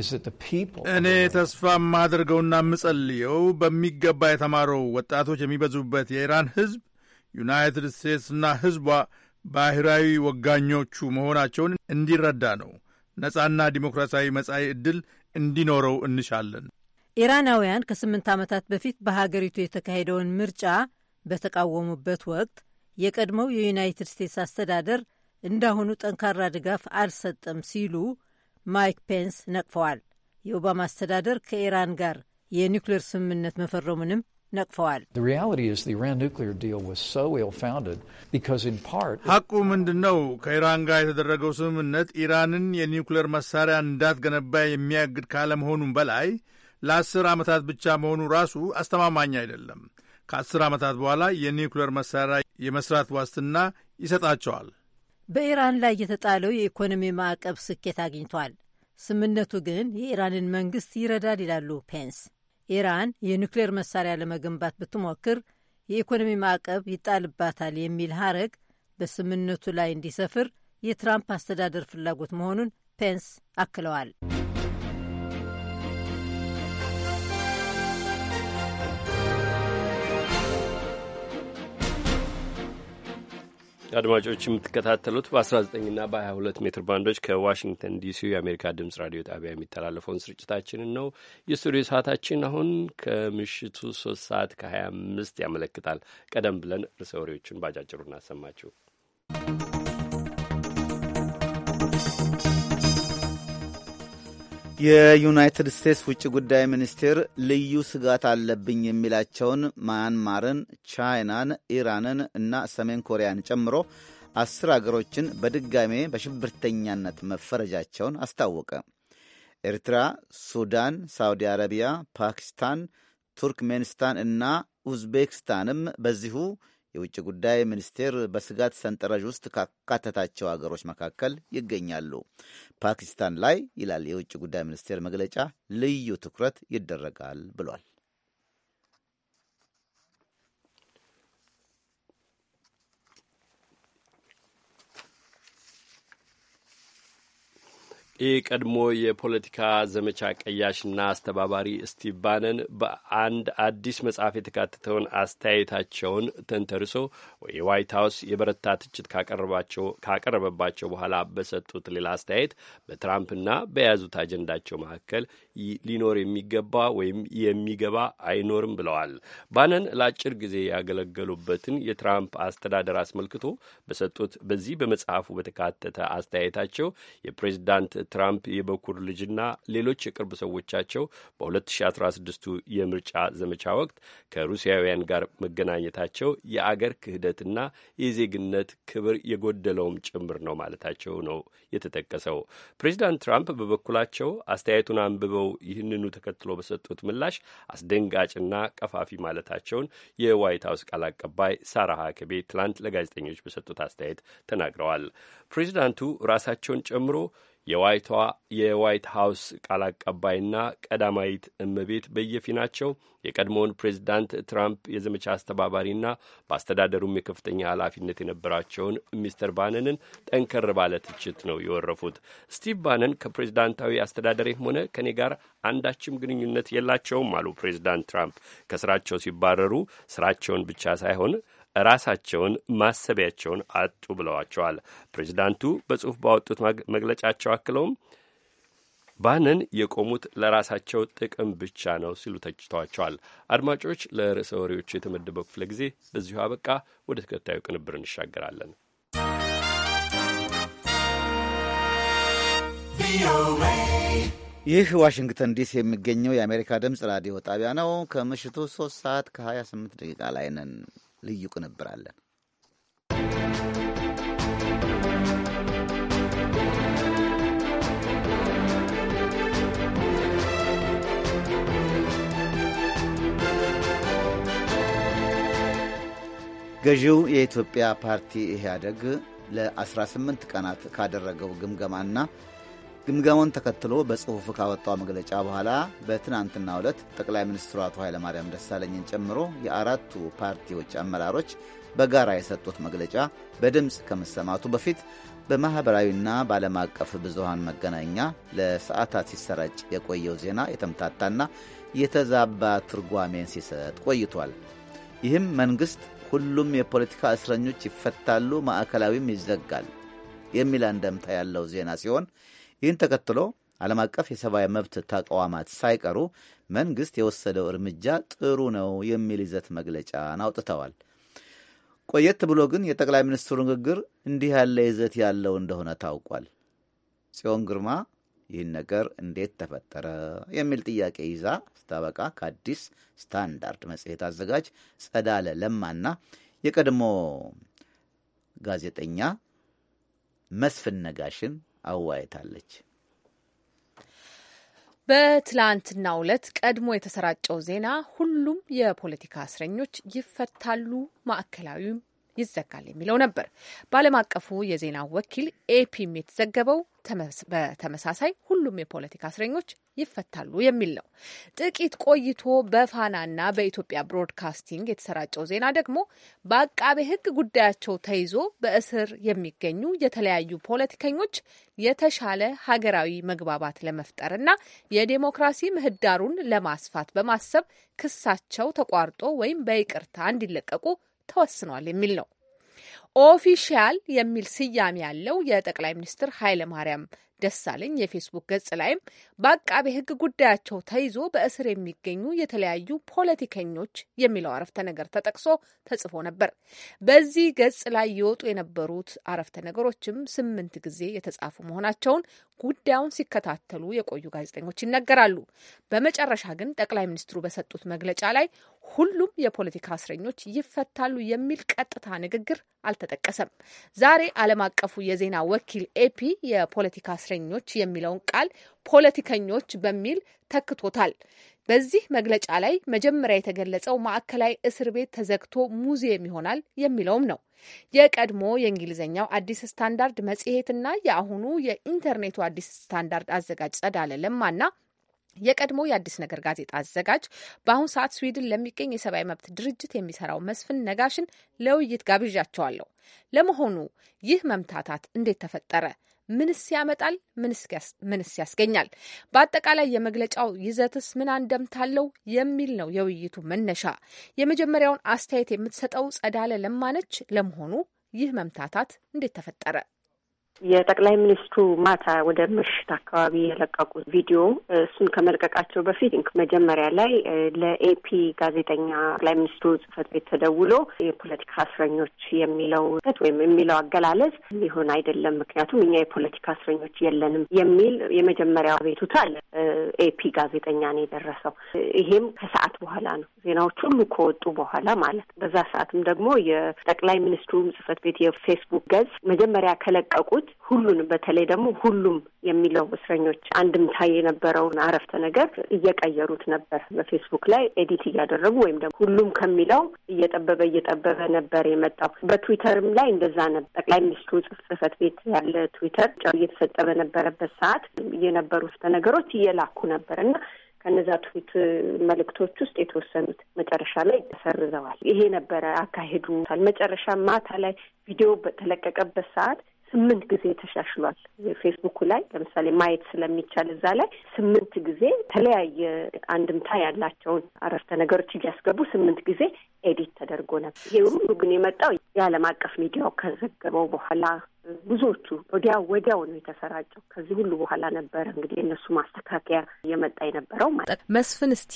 እኔ ተስፋ የማደርገውና የምጸልየው በሚገባ የተማረው ወጣቶች የሚበዙበት የኢራን ሕዝብ ዩናይትድ ስቴትስና ሕዝቧ ባህራዊ ወጋኞቹ መሆናቸውን እንዲረዳ ነው። ነጻና ዲሞክራሲያዊ መጻኢ ዕድል እንዲኖረው እንሻለን። ኢራናውያን ከስምንት ዓመታት በፊት በሀገሪቱ የተካሄደውን ምርጫ በተቃወሙበት ወቅት የቀድሞው የዩናይትድ ስቴትስ አስተዳደር እንዳሁኑ ጠንካራ ድጋፍ አልሰጠም ሲሉ ማይክ ፔንስ ነቅፈዋል። የኦባማ አስተዳደር ከኢራን ጋር የኒውክሌር ስምምነት መፈረሙንም ነቅፈዋል። ሐቁ ምንድን ነው? ከኢራን ጋር የተደረገው ስምምነት ኢራንን የኒውክሌር መሳሪያ እንዳትገነባ የሚያግድ ካለመሆኑም በላይ ለአስር ዓመታት ብቻ መሆኑ ራሱ አስተማማኝ አይደለም። ከአስር ዓመታት በኋላ የኒውክሌር መሳሪያ የመስራት ዋስትና ይሰጣቸዋል። በኢራን ላይ የተጣለው የኢኮኖሚ ማዕቀብ ስኬት አግኝቷል። ስምነቱ ግን የኢራንን መንግስት ይረዳል ይላሉ ፔንስ። ኢራን የኒውክሌር መሳሪያ ለመገንባት ብትሞክር የኢኮኖሚ ማዕቀብ ይጣልባታል የሚል ሀረግ በስምነቱ ላይ እንዲሰፍር የትራምፕ አስተዳደር ፍላጎት መሆኑን ፔንስ አክለዋል። አድማጮች የምትከታተሉት በ19ና በ22 ሜትር ባንዶች ከዋሽንግተን ዲሲ የአሜሪካ ድምፅ ራዲዮ ጣቢያ የሚተላለፈውን ስርጭታችንን ነው። የስቱዲዮ ሰዓታችን አሁን ከምሽቱ 3 ሰዓት ከ25 ያመለክታል። ቀደም ብለን ርዕሰ ወሬዎቹን ባጫጭሩ እናሰማችሁ። የዩናይትድ ስቴትስ ውጭ ጉዳይ ሚኒስቴር ልዩ ስጋት አለብኝ የሚላቸውን ማያንማርን፣ ቻይናን፣ ኢራንን እና ሰሜን ኮሪያን ጨምሮ አስር አገሮችን በድጋሜ በሽብርተኛነት መፈረጃቸውን አስታወቀ። ኤርትራ፣ ሱዳን፣ ሳውዲ አረቢያ፣ ፓኪስታን፣ ቱርክሜኒስታን እና ኡዝቤክስታንም በዚሁ የውጭ ጉዳይ ሚኒስቴር በስጋት ሰንጠረዥ ውስጥ ካካተታቸው አገሮች መካከል ይገኛሉ። ፓኪስታን ላይ ይላል የውጭ ጉዳይ ሚኒስቴር መግለጫ፣ ልዩ ትኩረት ይደረጋል ብሏል። የቀድሞ የፖለቲካ ዘመቻ ቀያሽና አስተባባሪ ስቲቭ ባነን በአንድ አዲስ መጽሐፍ የተካተተውን አስተያየታቸውን ተንተርሶ የዋይት ሀውስ የበረታ ትችት ካቀረበባቸው በኋላ በሰጡት ሌላ አስተያየት በትራምፕና በያዙት አጀንዳቸው መካከል ሊኖር የሚገባ ወይም የሚገባ አይኖርም ብለዋል። ባነን ለአጭር ጊዜ ያገለገሉበትን የትራምፕ አስተዳደር አስመልክቶ በሰጡት በዚህ በመጽሐፉ በተካተተ አስተያየታቸው የፕሬዚዳንት ትራምፕ የበኩር ልጅና ሌሎች የቅርብ ሰዎቻቸው በ2016 የምርጫ ዘመቻ ወቅት ከሩሲያውያን ጋር መገናኘታቸው የአገር ክህደትና የዜግነት ክብር የጎደለውም ጭምር ነው ማለታቸው ነው የተጠቀሰው። ፕሬዚዳንት ትራምፕ በበኩላቸው አስተያየቱን አንብበው ይህንኑ ተከትሎ በሰጡት ምላሽ አስደንጋጭና ቀፋፊ ማለታቸውን የዋይት ሀውስ ቃል አቀባይ ሳራ ሀከቤ ትላንት ለጋዜጠኞች በሰጡት አስተያየት ተናግረዋል። ፕሬዚዳንቱ ራሳቸውን ጨምሮ የዋይት ሀውስ ቃል አቀባይና ቀዳማዊት እመቤት በየፊናቸው የቀድሞውን ፕሬዚዳንት ትራምፕ የዘመቻ አስተባባሪና በአስተዳደሩም የከፍተኛ ኃላፊነት የነበራቸውን ሚስተር ባነንን ጠንከር ባለ ትችት ነው የወረፉት። ስቲቭ ባነን ከፕሬዚዳንታዊ አስተዳደሬም ሆነ ከእኔ ጋር አንዳችም ግንኙነት የላቸውም አሉ ፕሬዚዳንት ትራምፕ ከስራቸው ሲባረሩ ስራቸውን ብቻ ሳይሆን ራሳቸውን ማሰቢያቸውን አጡ ብለዋቸዋል። ፕሬዚዳንቱ በጽሑፍ ባወጡት መግለጫቸው አክለውም ባነን የቆሙት ለራሳቸው ጥቅም ብቻ ነው ሲሉ ተችተዋቸዋል። አድማጮች፣ ለርዕሰ ወሬዎቹ የተመደበው ክፍለ ጊዜ በዚሁ አበቃ። ወደ ተከታዩ ቅንብር እንሻገራለን። ይህ ዋሽንግተን ዲሲ የሚገኘው የአሜሪካ ድምፅ ራዲዮ ጣቢያ ነው። ከምሽቱ 3 ሰዓት ከ28 ደቂቃ ላይ ነን። ልዩ ቅንብር አለን። ገዢው የኢትዮጵያ ፓርቲ ኢህአደግ ለ18 ቀናት ካደረገው ግምገማና ግምገማውን ተከትሎ በጽሑፍ ካወጣው መግለጫ በኋላ በትናንትና ዕለት ጠቅላይ ሚኒስትሩ አቶ ኃይለማርያም ደሳለኝን ጨምሮ የአራቱ ፓርቲዎች አመራሮች በጋራ የሰጡት መግለጫ በድምፅ ከመሰማቱ በፊት በማኅበራዊና በዓለም አቀፍ ብዙሃን መገናኛ ለሰዓታት ሲሰራጭ የቆየው ዜና የተምታታና የተዛባ ትርጓሜን ሲሰጥ ቆይቷል። ይህም መንግሥት ሁሉም የፖለቲካ እስረኞች ይፈታሉ፣ ማዕከላዊም ይዘጋል የሚል አንደምታ ያለው ዜና ሲሆን ይህን ተከትሎ ዓለም አቀፍ የሰብአዊ መብት ተቋማት ሳይቀሩ መንግስት የወሰደው እርምጃ ጥሩ ነው የሚል ይዘት መግለጫን አውጥተዋል። ቆየት ብሎ ግን የጠቅላይ ሚኒስትሩ ንግግር እንዲህ ያለ ይዘት ያለው እንደሆነ ታውቋል። ጽዮን ግርማ ይህን ነገር እንዴት ተፈጠረ የሚል ጥያቄ ይዛ ስታበቃ ከአዲስ ስታንዳርድ መጽሔት አዘጋጅ ጸዳለ ለማና የቀድሞ ጋዜጠኛ መስፍን ነጋሽን አወያይታለች። በትላንትና ዕለት ቀድሞ የተሰራጨው ዜና ሁሉም የፖለቲካ እስረኞች ይፈታሉ፣ ማዕከላዊም ይዘጋል የሚለው ነበር። በዓለም አቀፉ የዜና ወኪል ኤፒም የተዘገበው በተመሳሳይ ሁሉም የፖለቲካ እስረኞች ይፈታሉ የሚል ነው። ጥቂት ቆይቶ በፋናና በኢትዮጵያ ብሮድካስቲንግ የተሰራጨው ዜና ደግሞ በአቃቤ ሕግ ጉዳያቸው ተይዞ በእስር የሚገኙ የተለያዩ ፖለቲከኞች የተሻለ ሀገራዊ መግባባት ለመፍጠር ና የዴሞክራሲ ምህዳሩን ለማስፋት በማሰብ ክሳቸው ተቋርጦ ወይም በይቅርታ እንዲለቀቁ ተወስኗል የሚል ነው። ኦፊሻል የሚል ስያሜ ያለው የጠቅላይ ሚኒስትር ኃይለ ማርያም ደሳለኝ የፌስቡክ ገጽ ላይም በአቃቤ ሕግ ጉዳያቸው ተይዞ በእስር የሚገኙ የተለያዩ ፖለቲከኞች የሚለው አረፍተ ነገር ተጠቅሶ ተጽፎ ነበር። በዚህ ገጽ ላይ የወጡ የነበሩት አረፍተ ነገሮችም ስምንት ጊዜ የተጻፉ መሆናቸውን ጉዳዩን ሲከታተሉ የቆዩ ጋዜጠኞች ይነገራሉ። በመጨረሻ ግን ጠቅላይ ሚኒስትሩ በሰጡት መግለጫ ላይ ሁሉም የፖለቲካ እስረኞች ይፈታሉ የሚል ቀጥታ ንግግር አልተጠቀሰም። ዛሬ ዓለም አቀፉ የዜና ወኪል ኤፒ የፖለቲካ እስረኞች የሚለውን ቃል ፖለቲከኞች በሚል ተክቶታል። በዚህ መግለጫ ላይ መጀመሪያ የተገለጸው ማዕከላዊ እስር ቤት ተዘግቶ ሙዚየም ይሆናል የሚለውም ነው። የቀድሞ የእንግሊዝኛው አዲስ ስታንዳርድ መጽሔትና የአሁኑ የኢንተርኔቱ አዲስ ስታንዳርድ አዘጋጅ ጸዳለ ለማና የቀድሞ የአዲስ ነገር ጋዜጣ አዘጋጅ በአሁኑ ሰዓት ስዊድን ለሚገኝ የሰብአዊ መብት ድርጅት የሚሰራው መስፍን ነጋሽን ለውይይት ጋብዣቸዋለሁ። ለመሆኑ ይህ መምታታት እንዴት ተፈጠረ? ምንስ ያመጣል? ምንስ ያስገኛል? በአጠቃላይ የመግለጫው ይዘትስ ምን አንደምታ የሚል ነው የውይይቱ መነሻ። የመጀመሪያውን አስተያየት የምትሰጠው ጸዳለ ለማነች። ለመሆኑ ይህ መምታታት እንዴት ተፈጠረ? የጠቅላይ ሚኒስትሩ ማታ ወደ ምሽት አካባቢ የለቀቁት ቪዲዮ እሱን ከመልቀቃቸው በፊት መጀመሪያ ላይ ለኤፒ ጋዜጠኛ ጠቅላይ ሚኒስትሩ ጽህፈት ቤት ተደውሎ የፖለቲካ እስረኞች የሚለው ወይም የሚለው አገላለጽ ሊሆን አይደለም፣ ምክንያቱም እኛ የፖለቲካ እስረኞች የለንም የሚል የመጀመሪያ ቤቱታ ኤፒ ጋዜጠኛ ነው የደረሰው። ይሄም ከሰዓት በኋላ ነው፣ ዜናዎች ሁሉ ከወጡ በኋላ ማለት በዛ ሰዓትም ደግሞ የጠቅላይ ሚኒስትሩ ጽህፈት ቤት የፌስቡክ ገጽ መጀመሪያ ከለቀቁት ያሉት ሁሉንም በተለይ ደግሞ ሁሉም የሚለው እስረኞች አንድምታ የነበረውን አረፍተ ነገር እየቀየሩት ነበር። በፌስቡክ ላይ ኤዲት እያደረጉ ወይም ደግሞ ሁሉም ከሚለው እየጠበበ እየጠበበ ነበር የመጣው። በትዊተርም ላይ እንደዛ ነበር። ጠቅላይ ሚኒስትሩ ጽህፈት ቤት ያለ ትዊተር እየተሰጠ በነበረበት ሰዓት የነበሩ ነገሮች እየላኩ ነበር እና ከነዛ ትዊት መልእክቶች ውስጥ የተወሰኑት መጨረሻ ላይ ተሰርዘዋል። ይሄ ነበረ አካሄዱ። መጨረሻ ማታ ላይ ቪዲዮ በተለቀቀበት ሰዓት ስምንት ጊዜ ተሻሽሏል። ፌስቡኩ ላይ ለምሳሌ ማየት ስለሚቻል እዛ ላይ ስምንት ጊዜ የተለያየ አንድምታ ያላቸውን አረፍተ ነገሮች እያስገቡ ስምንት ጊዜ ኤዲት ተደርጎ ነበር። ይሄ ሁሉ ግን የመጣው የዓለም አቀፍ ሚዲያው ከዘገበው በኋላ ብዙዎቹ ወዲያ ወዲያው ነው የተሰራጨው። ከዚህ ሁሉ በኋላ ነበረ እንግዲህ እነሱ ማስተካከያ እየመጣ የነበረው ማለት መስፍን፣ እስቲ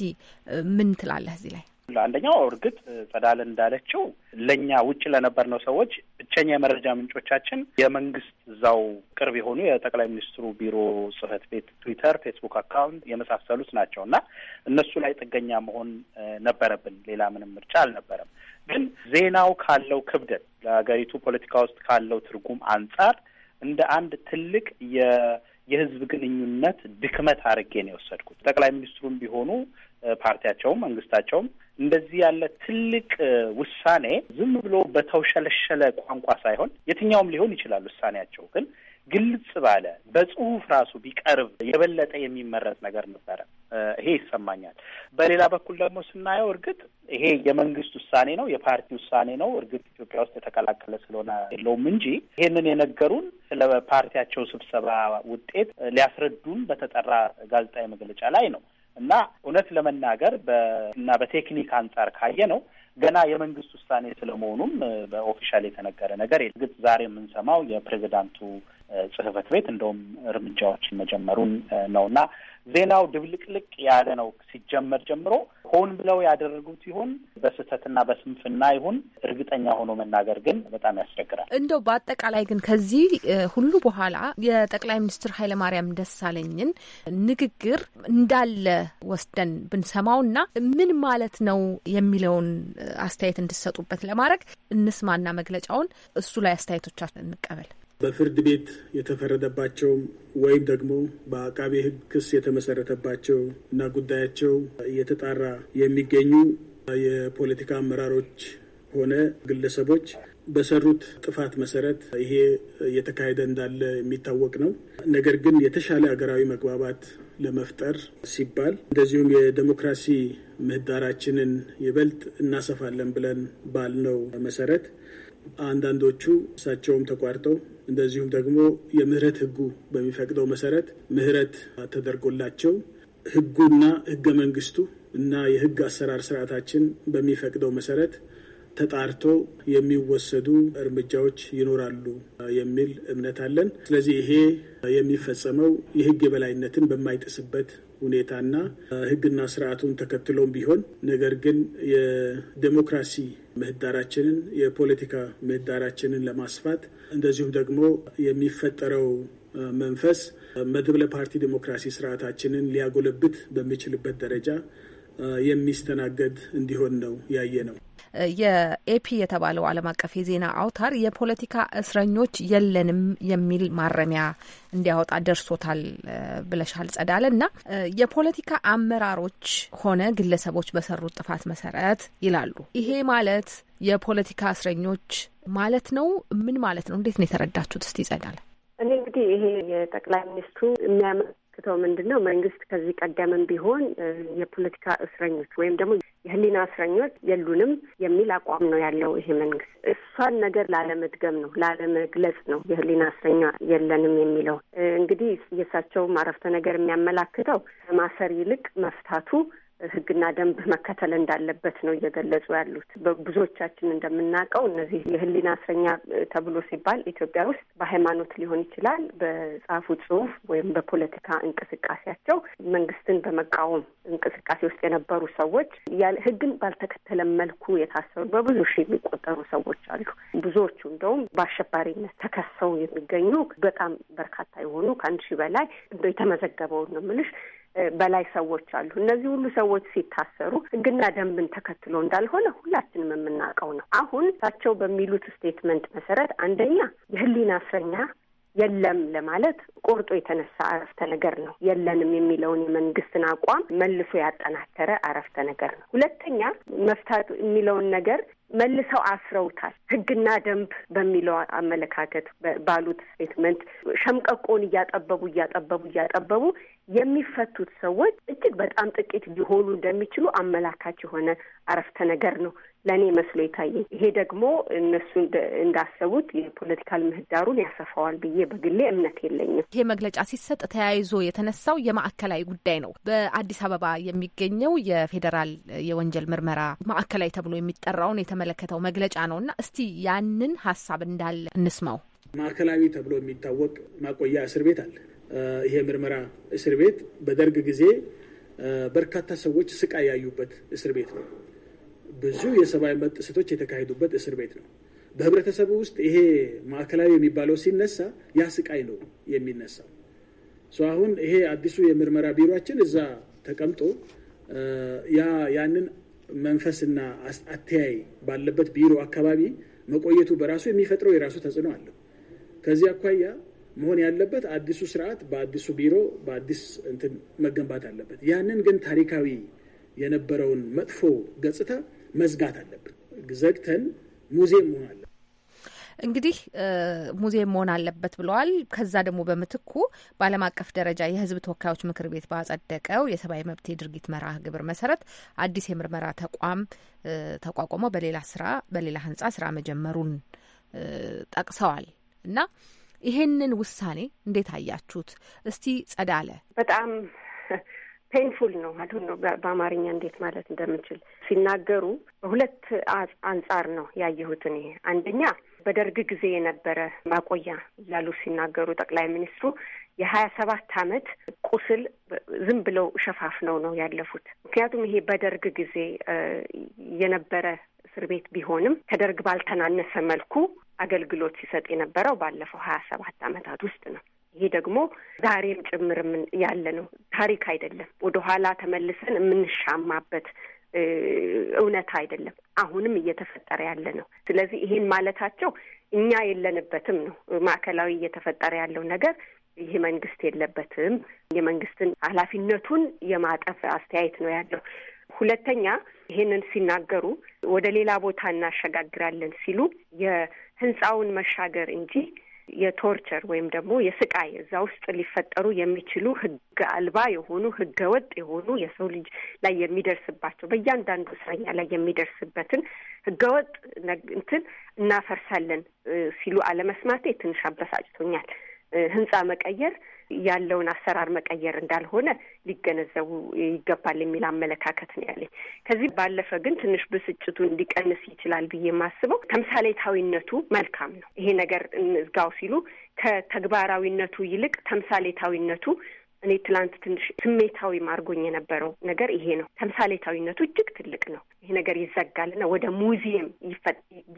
ምን ትላለህ እዚህ ላይ? አንደኛው እርግጥ ጸዳል እንዳለችው ለእኛ ውጭ ለነበርነው ሰዎች ብቸኛ የመረጃ ምንጮቻችን የመንግስት እዛው ቅርብ የሆኑ የጠቅላይ ሚኒስትሩ ቢሮ ጽህፈት ቤት ትዊተር፣ ፌስቡክ አካውንት የመሳሰሉት ናቸው እና እነሱ ላይ ጥገኛ መሆን ነበረብን። ሌላ ምንም ምርጫ አልነበረም። ግን ዜናው ካለው ክብደት ለሀገሪቱ ፖለቲካ ውስጥ ካለው ትርጉም አንጻር እንደ አንድ ትልቅ የህዝብ ግንኙነት ድክመት አድርጌ ነው የወሰድኩት። ጠቅላይ ሚኒስትሩም ቢሆኑ ፓርቲያቸውም መንግስታቸውም እንደዚህ ያለ ትልቅ ውሳኔ ዝም ብሎ በተውሸለሸለ ቋንቋ ሳይሆን የትኛውም ሊሆን ይችላል ውሳኔያቸው ግን ግልጽ ባለ በጽሁፍ ራሱ ቢቀርብ የበለጠ የሚመረጥ ነገር ነበረ። ይሄ ይሰማኛል። በሌላ በኩል ደግሞ ስናየው እርግጥ ይሄ የመንግስት ውሳኔ ነው፣ የፓርቲ ውሳኔ ነው። እርግጥ ኢትዮጵያ ውስጥ የተቀላቀለ ስለሆነ የለውም እንጂ ይሄንን የነገሩን ስለ ፓርቲያቸው ስብሰባ ውጤት ሊያስረዱን በተጠራ ጋዜጣዊ መግለጫ ላይ ነው። እና እውነት ለመናገር እና በቴክኒክ አንጻር ካየ ነው ገና የመንግስት ውሳኔ ስለመሆኑም በኦፊሻል የተነገረ ነገር የግጥ ዛሬ የምንሰማው የፕሬዚዳንቱ ጽህፈት ቤት እንደውም እርምጃዎችን መጀመሩን እና ዜናው ድብልቅልቅ ያለ ነው። ሲጀመር ጀምሮ ሆን ብለው ያደረጉት ይሁን በስህተትና በስንፍና ይሁን እርግጠኛ ሆኖ መናገር ግን በጣም ያስቸግራል። እንደው በአጠቃላይ ግን ከዚህ ሁሉ በኋላ የጠቅላይ ሚኒስትር ኃይለማርያም ደሳለኝን ንግግር እንዳለ ወስደን ብንሰማውና ምን ማለት ነው የሚለውን አስተያየት እንድሰጡበት ለማድረግ እንስማና መግለጫውን እሱ ላይ አስተያየቶቻችን እንቀበል። በፍርድ ቤት የተፈረደባቸው ወይም ደግሞ በአቃቤ ሕግ ክስ የተመሰረተባቸው እና ጉዳያቸው እየተጣራ የሚገኙ የፖለቲካ አመራሮች ሆነ ግለሰቦች በሰሩት ጥፋት መሰረት ይሄ እየተካሄደ እንዳለ የሚታወቅ ነው። ነገር ግን የተሻለ ሀገራዊ መግባባት ለመፍጠር ሲባል እንደዚሁም የዴሞክራሲ ምህዳራችንን ይበልጥ እናሰፋለን ብለን ባልነው መሰረት አንዳንዶቹ እሳቸውም ተቋርጠው እንደዚሁም ደግሞ የምህረት ህጉ በሚፈቅደው መሰረት ምህረት ተደርጎላቸው ህጉና ህገ መንግስቱ እና የህግ አሰራር ስርዓታችን በሚፈቅደው መሰረት ተጣርቶ የሚወሰዱ እርምጃዎች ይኖራሉ የሚል እምነት አለን። ስለዚህ ይሄ የሚፈጸመው የህግ የበላይነትን በማይጥስበት ሁኔታና ህግና ስርዓቱን ተከትሎም ቢሆን ነገር ግን የዴሞክራሲ ምህዳራችንን የፖለቲካ ምህዳራችንን ለማስፋት እንደዚሁም ደግሞ የሚፈጠረው መንፈስ መድብለ ፓርቲ ዲሞክራሲ ስርዓታችንን ሊያጎለብት በሚችልበት ደረጃ የሚስተናገድ እንዲሆን ነው ያየ ነው። የኤፒ የተባለው ዓለም አቀፍ የዜና አውታር የፖለቲካ እስረኞች የለንም የሚል ማረሚያ እንዲያወጣ ደርሶታል ብለሻል ጸዳለ። እና የፖለቲካ አመራሮች ሆነ ግለሰቦች በሰሩት ጥፋት መሰረት ይላሉ። ይሄ ማለት የፖለቲካ እስረኞች ማለት ነው? ምን ማለት ነው? እንዴት ነው የተረዳችሁት? እስቲ ጸዳለ። እኔ እንግዲህ ይሄ የጠቅላይ ሚኒስትሩ የሚያመ የምንመለከተው ምንድን ነው መንግስት ከዚህ ቀደምም ቢሆን የፖለቲካ እስረኞች ወይም ደግሞ የህሊና እስረኞች የሉንም የሚል አቋም ነው ያለው ይሄ መንግስት። እሷን ነገር ላለመድገም ነው ላለመግለጽ ነው የህሊና እስረኛ የለንም የሚለው። እንግዲህ የእሳቸው አረፍተ ነገር የሚያመላክተው ከማሰር ይልቅ መፍታቱ ህግና ደንብ መከተል እንዳለበት ነው እየገለጹ ያሉት። ብዙዎቻችን እንደምናውቀው እነዚህ የህሊና እስረኛ ተብሎ ሲባል ኢትዮጵያ ውስጥ በሃይማኖት ሊሆን ይችላል፣ በጻፉ ጽሁፍ ወይም በፖለቲካ እንቅስቃሴያቸው መንግስትን በመቃወም እንቅስቃሴ ውስጥ የነበሩ ሰዎች ያለ ህግን ባልተከተለ መልኩ የታሰሩ በብዙ ሺህ የሚቆጠሩ ሰዎች አሉ። ብዙዎቹ እንደውም በአሸባሪነት ተከሰው የሚገኙ በጣም በርካታ የሆኑ ከአንድ ሺህ በላይ እንደው የተመዘገበውን ነው የምልሽ በላይ ሰዎች አሉ። እነዚህ ሁሉ ሰዎች ሲታሰሩ ህግና ደንብን ተከትሎ እንዳልሆነ ሁላችንም የምናውቀው ነው። አሁን እሳቸው በሚሉት ስቴትመንት መሰረት አንደኛ የህሊና እስረኛ የለም ለማለት ቆርጦ የተነሳ አረፍተ ነገር ነው። የለንም የሚለውን የመንግስትን አቋም መልሶ ያጠናከረ አረፍተ ነገር ነው። ሁለተኛ መፍታት የሚለውን ነገር መልሰው አስረውታል። ህግና ደንብ በሚለው አመለካከት ባሉት ስቴትመንት ሸምቀቆን እያጠበቡ እያጠበቡ እያጠበቡ የሚፈቱት ሰዎች እጅግ በጣም ጥቂት ሊሆኑ እንደሚችሉ አመላካች የሆነ አረፍተ ነገር ነው። ለእኔ መስሎ የታየኝ። ይሄ ደግሞ እነሱ እንዳሰቡት የፖለቲካል ምህዳሩን ያሰፋዋል ብዬ በግሌ እምነት የለኝም። ይሄ መግለጫ ሲሰጥ ተያይዞ የተነሳው የማዕከላዊ ጉዳይ ነው። በአዲስ አበባ የሚገኘው የፌዴራል የወንጀል ምርመራ ማዕከላዊ ተብሎ የሚጠራውን የተመለከተው መግለጫ ነው እና እስቲ ያንን ሀሳብ እንዳለ እንስማው። ማዕከላዊ ተብሎ የሚታወቅ ማቆያ እስር ቤት አለ። ይሄ ምርመራ እስር ቤት በደርግ ጊዜ በርካታ ሰዎች ስቃይ ያዩበት እስር ቤት ነው። ብዙ የሰብአዊ መብት ጥሰቶች የተካሄዱበት እስር ቤት ነው። በህብረተሰቡ ውስጥ ይሄ ማዕከላዊ የሚባለው ሲነሳ ያ ስቃይ ነው የሚነሳው። አሁን ይሄ አዲሱ የምርመራ ቢሮችን እዛ ተቀምጦ ያ ያንን መንፈስና አተያይ ባለበት ቢሮ አካባቢ መቆየቱ በራሱ የሚፈጥረው የራሱ ተጽዕኖ አለው። ከዚህ አኳያ መሆን ያለበት አዲሱ ስርዓት በአዲሱ ቢሮ በአዲስ እንትን መገንባት አለበት። ያንን ግን ታሪካዊ የነበረውን መጥፎ ገጽታ መዝጋት አለብን። ዘግተን ሙዚየም መሆን አለ እንግዲህ ሙዚየም መሆን አለበት ብለዋል። ከዛ ደግሞ በምትኩ በዓለም አቀፍ ደረጃ የሕዝብ ተወካዮች ምክር ቤት ባጸደቀው የሰብአዊ መብት የድርጊት መርሃ ግብር መሰረት አዲስ የምርመራ ተቋም ተቋቁሞ በሌላ ስራ በሌላ ህንጻ ስራ መጀመሩን ጠቅሰዋል እና ይሄንን ውሳኔ እንዴት አያችሁት? እስቲ ጸዳለ በጣም ፔንፉል ነው አሁን ነው በአማርኛ እንዴት ማለት እንደምችል ሲናገሩ በሁለት አንጻር ነው ያየሁት ይሄ አንደኛ በደርግ ጊዜ የነበረ ማቆያ እያሉ ሲናገሩ ጠቅላይ ሚኒስትሩ የሀያ ሰባት አመት ቁስል ዝም ብለው ሸፋፍነው ነው ያለፉት። ምክንያቱም ይሄ በደርግ ጊዜ የነበረ እስር ቤት ቢሆንም ከደርግ ባልተናነሰ መልኩ አገልግሎት ሲሰጥ የነበረው ባለፈው ሀያ ሰባት አመታት ውስጥ ነው። ይሄ ደግሞ ዛሬም ጭምር ያለ ነው። ታሪክ አይደለም። ወደኋላ ተመልሰን የምንሻማበት እውነት አይደለም። አሁንም እየተፈጠረ ያለ ነው። ስለዚህ ይሄን ማለታቸው እኛ የለንበትም ነው። ማዕከላዊ እየተፈጠረ ያለው ነገር ይሄ መንግስት የለበትም። የመንግስትን ኃላፊነቱን የማጠፍ አስተያየት ነው ያለው። ሁለተኛ ይሄንን ሲናገሩ ወደ ሌላ ቦታ እናሸጋግራለን ሲሉ የህንፃውን መሻገር እንጂ የቶርቸር ወይም ደግሞ የስቃይ እዛ ውስጥ ሊፈጠሩ የሚችሉ ህግ አልባ የሆኑ ህገ ወጥ የሆኑ የሰው ልጅ ላይ የሚደርስባቸው በእያንዳንዱ እስረኛ ላይ የሚደርስበትን ህገ ወጥ እንትን እናፈርሳለን ሲሉ አለመስማቴ ትንሽ አበሳጭቶኛል። ህንፃ መቀየር ያለውን አሰራር መቀየር እንዳልሆነ ሊገነዘቡ ይገባል የሚል አመለካከት ነው ያለኝ። ከዚህ ባለፈ ግን ትንሽ ብስጭቱን ሊቀንስ ይችላል ብዬ የማስበው ተምሳሌታዊነቱ መልካም ነው። ይሄ ነገር እንዝጋው ሲሉ ከተግባራዊነቱ ይልቅ ተምሳሌታዊነቱ እኔ ትላንት ትንሽ ስሜታዊ ማርጎኝ የነበረው ነገር ይሄ ነው። ተምሳሌታዊነቱ እጅግ ትልቅ ነው። ይሄ ነገር ይዘጋልና ወደ ሙዚየም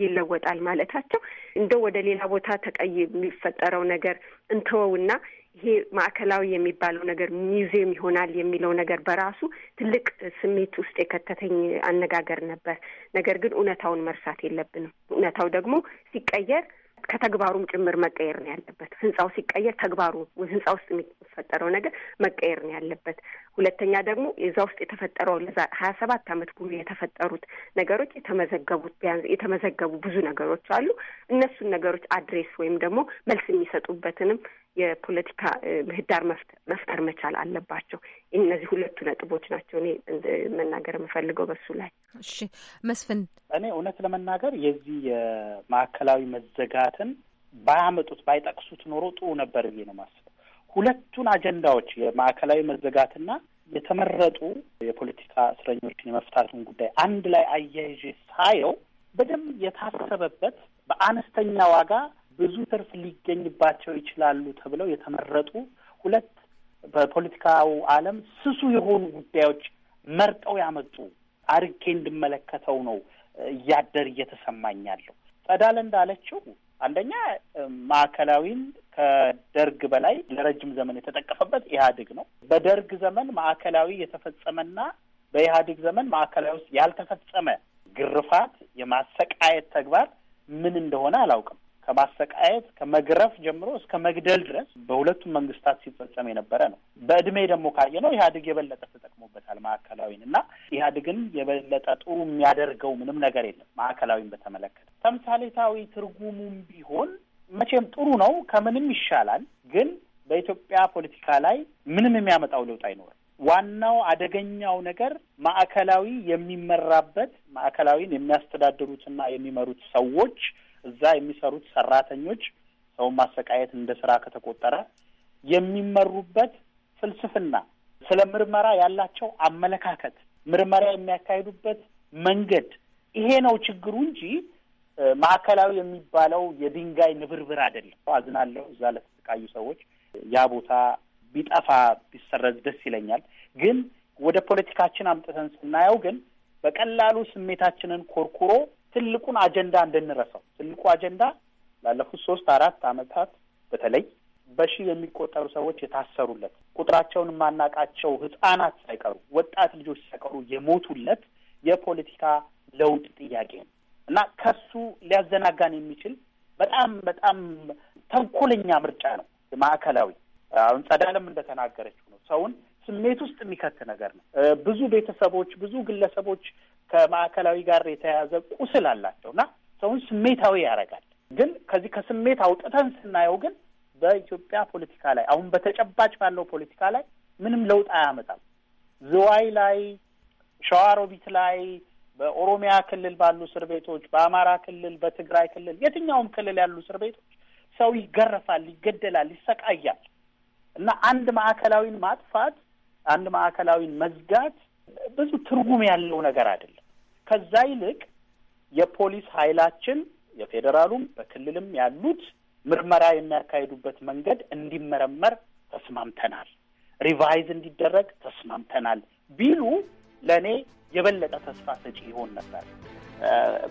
ይለወጣል ማለታቸው እንደው ወደ ሌላ ቦታ ተቀይ የሚፈጠረው ነገር እንተወውና ይሄ ማዕከላዊ የሚባለው ነገር ሚውዚየም ይሆናል የሚለው ነገር በራሱ ትልቅ ስሜት ውስጥ የከተተኝ አነጋገር ነበር። ነገር ግን እውነታውን መርሳት የለብንም። እውነታው ደግሞ ሲቀየር ከተግባሩም ጭምር መቀየር ነው ያለበት። ህንፃው ሲቀየር ተግባሩ ህንፃ ውስጥ የሚፈጠረው ነገር መቀየር ነው ያለበት። ሁለተኛ ደግሞ እዛ ውስጥ የተፈጠረው ለዛ ሀያ ሰባት አመት ሙሉ የተፈጠሩት ነገሮች የተመዘገቡት ቢያንስ የተመዘገቡ ብዙ ነገሮች አሉ። እነሱን ነገሮች አድሬስ ወይም ደግሞ መልስ የሚሰጡበትንም የፖለቲካ ምህዳር መፍጠር መቻል አለባቸው። እነዚህ ሁለቱ ነጥቦች ናቸው እኔ መናገር የምፈልገው በሱ ላይ። እሺ መስፍን፣ እኔ እውነት ለመናገር የዚህ የማዕከላዊ መዘጋትን ባያመጡት ባይጠቅሱት ኖሮ ጥሩ ነበር ብዬ ነው የማስበው። ሁለቱን አጀንዳዎች የማዕከላዊ መዘጋትና የተመረጡ የፖለቲካ እስረኞችን የመፍታቱን ጉዳይ አንድ ላይ አያይዤ ሳየው በደንብ የታሰበበት በአነስተኛ ዋጋ ብዙ ትርፍ ሊገኝባቸው ይችላሉ ተብለው የተመረጡ ሁለት በፖለቲካው ዓለም ስሱ የሆኑ ጉዳዮች መርጠው ያመጡ አርጌ እንድመለከተው ነው እያደር እየተሰማኝ ያለው። ጸዳለ እንዳለችው አንደኛ ማዕከላዊን ከደርግ በላይ ለረጅም ዘመን የተጠቀፈበት ኢህአዴግ ነው። በደርግ ዘመን ማዕከላዊ የተፈጸመና በኢህአዴግ ዘመን ማዕከላዊ ውስጥ ያልተፈጸመ ግርፋት፣ የማሰቃየት ተግባር ምን እንደሆነ አላውቅም። ከማሰቃየት ከመግረፍ ጀምሮ እስከ መግደል ድረስ በሁለቱም መንግስታት ሲፈጸም የነበረ ነው። በእድሜ ደግሞ ካየ ነው ኢህአዴግ የበለጠ ተጠቅሞበታል ማዕከላዊን እና ኢህአዴግን የበለጠ ጥሩ የሚያደርገው ምንም ነገር የለም። ማዕከላዊን በተመለከተ ተምሳሌታዊ ትርጉሙም ቢሆን መቼም ጥሩ ነው፣ ከምንም ይሻላል። ግን በኢትዮጵያ ፖለቲካ ላይ ምንም የሚያመጣው ለውጥ አይኖርም። ዋናው አደገኛው ነገር ማዕከላዊ የሚመራበት ማዕከላዊን የሚያስተዳድሩትና የሚመሩት ሰዎች እዛ የሚሰሩት ሰራተኞች ሰውን ማሰቃየት እንደ ስራ ከተቆጠረ የሚመሩበት ፍልስፍና፣ ስለ ምርመራ ያላቸው አመለካከት፣ ምርመራ የሚያካሂዱበት መንገድ ይሄ ነው ችግሩ እንጂ ማዕከላዊ የሚባለው የድንጋይ ንብርብር አይደለም። አዝናለሁ እዛ ለተሰቃዩ ሰዎች። ያ ቦታ ቢጠፋ ቢሰረዝ ደስ ይለኛል። ግን ወደ ፖለቲካችን አምጥተን ስናየው ግን በቀላሉ ስሜታችንን ኮርኩሮ ትልቁን አጀንዳ እንድንረሳው። ትልቁ አጀንዳ ላለፉት ሶስት አራት አመታት በተለይ በሺ የሚቆጠሩ ሰዎች የታሰሩለት ቁጥራቸውን የማናቃቸው ህጻናት ሳይቀሩ ወጣት ልጆች ሳይቀሩ የሞቱለት የፖለቲካ ለውጥ ጥያቄ ነው እና ከሱ ሊያዘናጋን የሚችል በጣም በጣም ተንኮለኛ ምርጫ ነው። ማዕከላዊ አሁን ጸዳለም እንደተናገረችው ነው። ሰውን ስሜት ውስጥ የሚከት ነገር ነው። ብዙ ቤተሰቦች፣ ብዙ ግለሰቦች ከማዕከላዊ ጋር የተያያዘ ቁስል አላቸው እና ሰውን ስሜታዊ ያደርጋል። ግን ከዚህ ከስሜት አውጥተን ስናየው ግን በኢትዮጵያ ፖለቲካ ላይ አሁን በተጨባጭ ባለው ፖለቲካ ላይ ምንም ለውጥ አያመጣም። ዝዋይ ላይ፣ ሸዋሮቢት ላይ፣ በኦሮሚያ ክልል ባሉ እስር ቤቶች፣ በአማራ ክልል፣ በትግራይ ክልል፣ የትኛውም ክልል ያሉ እስር ቤቶች ሰው ይገረፋል፣ ይገደላል፣ ይሰቃያል እና አንድ ማዕከላዊን ማጥፋት አንድ ማዕከላዊን መዝጋት ብዙ ትርጉም ያለው ነገር አይደለም። ከዛ ይልቅ የፖሊስ ኃይላችን የፌዴራሉም በክልልም ያሉት ምርመራ የሚያካሄዱበት መንገድ እንዲመረመር ተስማምተናል፣ ሪቫይዝ እንዲደረግ ተስማምተናል ቢሉ ለእኔ የበለጠ ተስፋ ሰጪ ይሆን ነበር።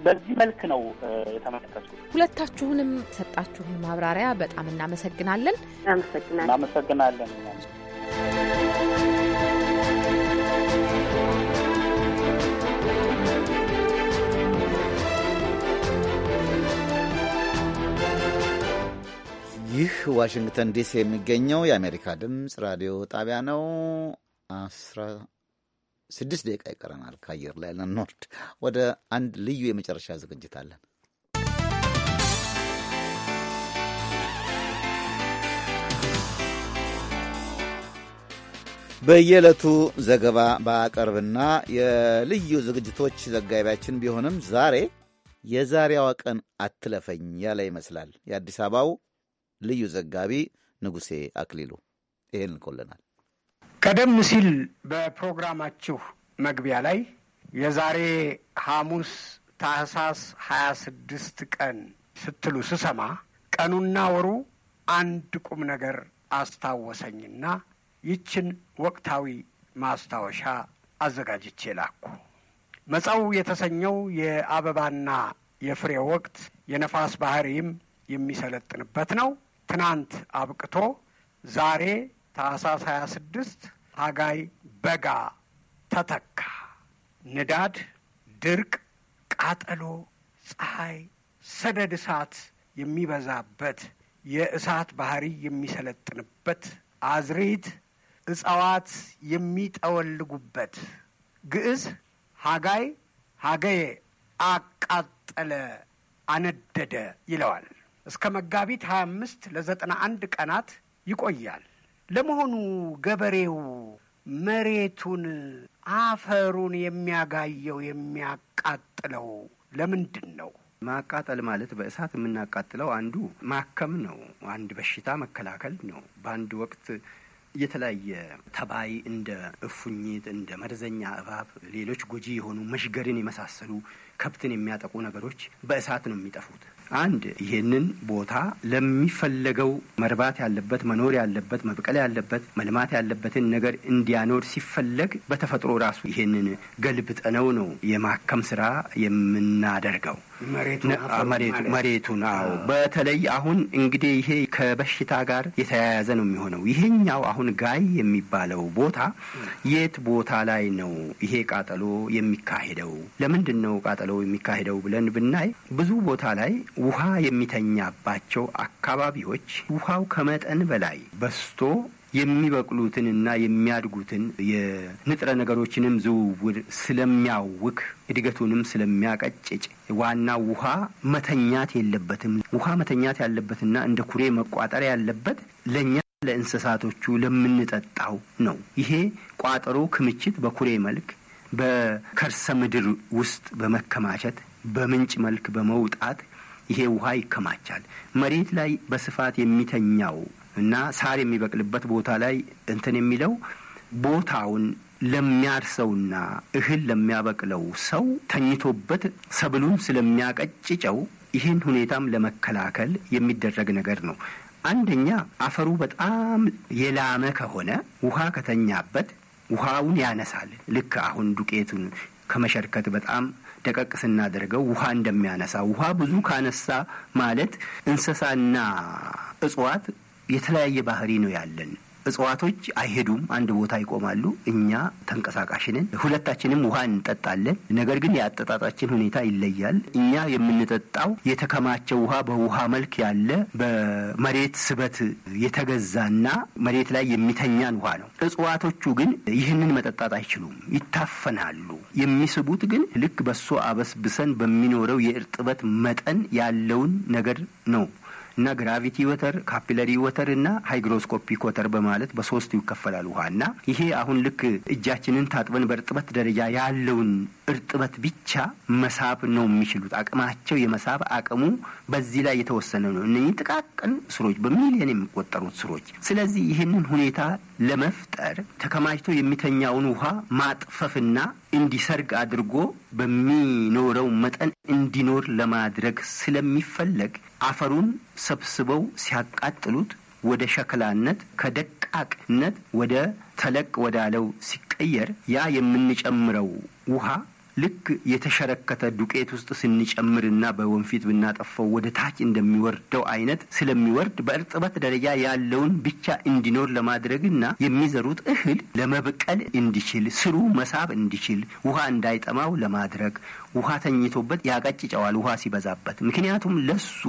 በዚህ መልክ ነው የተመለከትኩት። ሁለታችሁንም ሰጣችሁን ማብራሪያ በጣም እናመሰግናለን። እናመሰግናለን። እናመሰግናለን። ይህ ዋሽንግተን ዲሲ የሚገኘው የአሜሪካ ድምፅ ራዲዮ ጣቢያ ነው። አስራ ስድስት ደቂቃ ይቀረናል ከአየር ላይ ልንወርድ። ወደ አንድ ልዩ የመጨረሻ ዝግጅት አለን። በየዕለቱ ዘገባ ባቀርብና የልዩ ዝግጅቶች ዘጋቢያችን ቢሆንም ዛሬ የዛሬዋ ቀን አትለፈኝ ያለ ይመስላል። የአዲስ አበባው ልዩ ዘጋቢ ንጉሴ አክሊሉ ይህን ልኮልናል። ቀደም ሲል በፕሮግራማችሁ መግቢያ ላይ የዛሬ ሐሙስ ታህሳስ 26 ቀን ስትሉ ስሰማ ቀኑና ወሩ አንድ ቁም ነገር አስታወሰኝና ይችን ወቅታዊ ማስታወሻ አዘጋጅቼ ላኩ። መጻው የተሰኘው የአበባና የፍሬ ወቅት የነፋስ ባህሪም የሚሰለጥንበት ነው። ትናንት አብቅቶ ዛሬ ታህሳስ 26 ሀጋይ በጋ ተተካ። ንዳድ፣ ድርቅ፣ ቃጠሎ፣ ፀሐይ፣ ሰደድ እሳት የሚበዛበት የእሳት ባህሪ የሚሰለጥንበት አዝሪት እጽዋት የሚጠወልጉበት ግዕዝ ሀጋይ ሀገዬ አቃጠለ፣ አነደደ ይለዋል። እስከ መጋቢት 25 ለ91 ቀናት ይቆያል። ለመሆኑ ገበሬው መሬቱን፣ አፈሩን የሚያጋየው የሚያቃጥለው ለምንድን ነው? ማቃጠል ማለት በእሳት የምናቃጥለው አንዱ ማከም ነው። አንድ በሽታ መከላከል ነው። በአንድ ወቅት የተለያየ ተባይ እንደ እፉኝት፣ እንደ መርዘኛ እባብ፣ ሌሎች ጎጂ የሆኑ መሽገርን የመሳሰሉ ከብትን የሚያጠቁ ነገሮች በእሳት ነው የሚጠፉት። አንድ ይህንን ቦታ ለሚፈለገው መርባት ያለበት መኖር ያለበት መብቀል ያለበት መልማት ያለበትን ነገር እንዲያኖር ሲፈለግ በተፈጥሮ ራሱ ይህንን ገልብጠነው ነው የማከም ስራ የምናደርገው። መሬቱን አዎ። በተለይ አሁን እንግዲህ ይሄ ከበሽታ ጋር የተያያዘ ነው የሚሆነው። ይሄኛው አሁን ጋይ የሚባለው ቦታ የት ቦታ ላይ ነው ይሄ ቃጠሎ የሚካሄደው? ለምንድን ነው ቃጠሎ የሚካሄደው ብለን ብናይ ብዙ ቦታ ላይ ውሃ የሚተኛባቸው አካባቢዎች ውሃው ከመጠን በላይ በስቶ የሚበቅሉትንና የሚያድጉትን የንጥረ ነገሮችንም ዝውውር ስለሚያውክ እድገቱንም ስለሚያቀጭጭ ዋና ውሃ መተኛት የለበትም። ውሃ መተኛት ያለበትና እንደ ኩሬ መቋጠር ያለበት ለእኛ ለእንስሳቶቹ ለምንጠጣው ነው። ይሄ ቋጠሮ ክምችት በኩሬ መልክ በከርሰ ምድር ውስጥ በመከማቸት በምንጭ መልክ በመውጣት ይሄ ውሃ ይከማቻል። መሬት ላይ በስፋት የሚተኛው እና ሳር የሚበቅልበት ቦታ ላይ እንትን የሚለው ቦታውን ለሚያርሰውና እህል ለሚያበቅለው ሰው ተኝቶበት ሰብሉን ስለሚያቀጭጨው ይህን ሁኔታም ለመከላከል የሚደረግ ነገር ነው። አንደኛ አፈሩ በጣም የላመ ከሆነ ውሃ ከተኛበት ውሃውን ያነሳል። ልክ አሁን ዱቄቱን ከመሸርከት በጣም ደቀቅ ስናደርገው ውሃ እንደሚያነሳ ውሃ ብዙ ካነሳ ማለት እንስሳና እጽዋት የተለያየ ባህሪ ነው ያለን። እጽዋቶች አይሄዱም፣ አንድ ቦታ ይቆማሉ። እኛ ተንቀሳቃሽንን ሁለታችንም ውሃ እንጠጣለን። ነገር ግን የአጠጣጣችን ሁኔታ ይለያል። እኛ የምንጠጣው የተከማቸ ውሃ በውሃ መልክ ያለ በመሬት ስበት የተገዛና መሬት ላይ የሚተኛን ውሃ ነው። እጽዋቶቹ ግን ይህንን መጠጣት አይችሉም፣ ይታፈናሉ። የሚስቡት ግን ልክ በሶ አበስብሰን በሚኖረው የእርጥበት መጠን ያለውን ነገር ነው እና ግራቪቲ ወተር፣ ካፒለሪ ወተር እና ሃይግሮስኮፒክ ወተር በማለት በሶስት ይከፈላል ውሃ እና ይሄ አሁን ልክ እጃችንን ታጥበን በእርጥበት ደረጃ ያለውን እርጥበት ብቻ መሳብ ነው የሚችሉት። አቅማቸው የመሳብ አቅሙ በዚህ ላይ የተወሰነ ነው። እነኚህ ጥቃቅን ስሮች በሚሊዮን የሚቆጠሩት ስሮች። ስለዚህ ይህንን ሁኔታ ለመፍጠር ተከማችቶ የሚተኛውን ውሃ ማጥፈፍና እንዲሰርግ አድርጎ በሚኖረው መጠን እንዲኖር ለማድረግ ስለሚፈለግ አፈሩን ሰብስበው ሲያቃጥሉት ወደ ሸክላነት ከደቃቅነት ወደ ተለቅ ወዳለው ሲቀየር ያ የምንጨምረው ውሃ ልክ የተሸረከተ ዱቄት ውስጥ ስንጨምርና በወንፊት ብናጠፋው ወደ ታች እንደሚወርደው አይነት ስለሚወርድ በእርጥበት ደረጃ ያለውን ብቻ እንዲኖር ለማድረግና የሚዘሩት እህል ለመብቀል እንዲችል ስሩ መሳብ እንዲችል ውሃ እንዳይጠማው ለማድረግ ውሃ ተኝቶበት ያቀጭጨዋል፣ ውሃ ሲበዛበት። ምክንያቱም ለሱ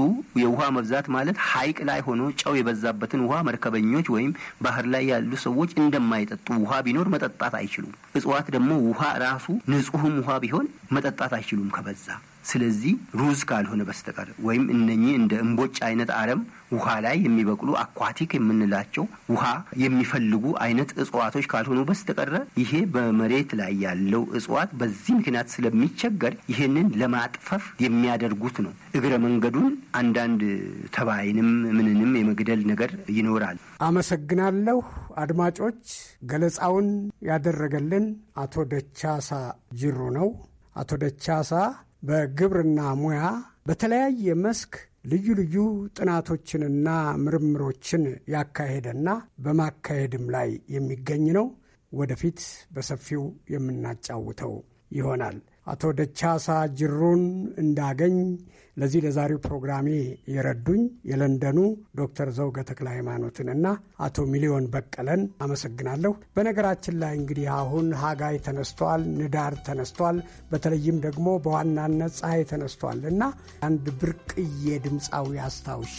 የውሃ መብዛት ማለት ሐይቅ ላይ ሆኖ ጨው የበዛበትን ውሃ መርከበኞች ወይም ባህር ላይ ያሉ ሰዎች እንደማይጠጡ ውሃ ቢኖር መጠጣት አይችሉም። እጽዋት ደግሞ ውሃ ራሱ ንጹህም ውሃ ቢሆን መጠጣት አይችሉም ከበዛ ስለዚህ ሩዝ ካልሆነ በስተቀር ወይም እነኚህ እንደ እምቦጭ አይነት አረም ውሃ ላይ የሚበቅሉ አኳቲክ የምንላቸው ውሃ የሚፈልጉ አይነት እጽዋቶች ካልሆኑ በስተቀረ ይሄ በመሬት ላይ ያለው እጽዋት በዚህ ምክንያት ስለሚቸገር ይህንን ለማጥፈፍ የሚያደርጉት ነው። እግረ መንገዱን አንዳንድ ተባይንም ምንንም የመግደል ነገር ይኖራል። አመሰግናለሁ። አድማጮች ገለጻውን ያደረገልን አቶ ደቻሳ ጅሩ ነው። አቶ ደቻሳ በግብርና ሙያ በተለያየ መስክ ልዩ ልዩ ጥናቶችንና ምርምሮችን ያካሄደና በማካሄድም ላይ የሚገኝ ነው። ወደፊት በሰፊው የምናጫውተው ይሆናል። አቶ ደቻሳ ጅሩን እንዳገኝ ለዚህ ለዛሬው ፕሮግራሜ የረዱኝ የለንደኑ ዶክተር ዘውገ ተክለ ሃይማኖትን እና አቶ ሚሊዮን በቀለን አመሰግናለሁ። በነገራችን ላይ እንግዲህ አሁን ሀጋይ ተነስቷል፣ ንዳር ተነስቷል፣ በተለይም ደግሞ በዋናነት ፀሐይ ተነስቷል እና አንድ ብርቅዬ ድምፃዊ አስታውሼ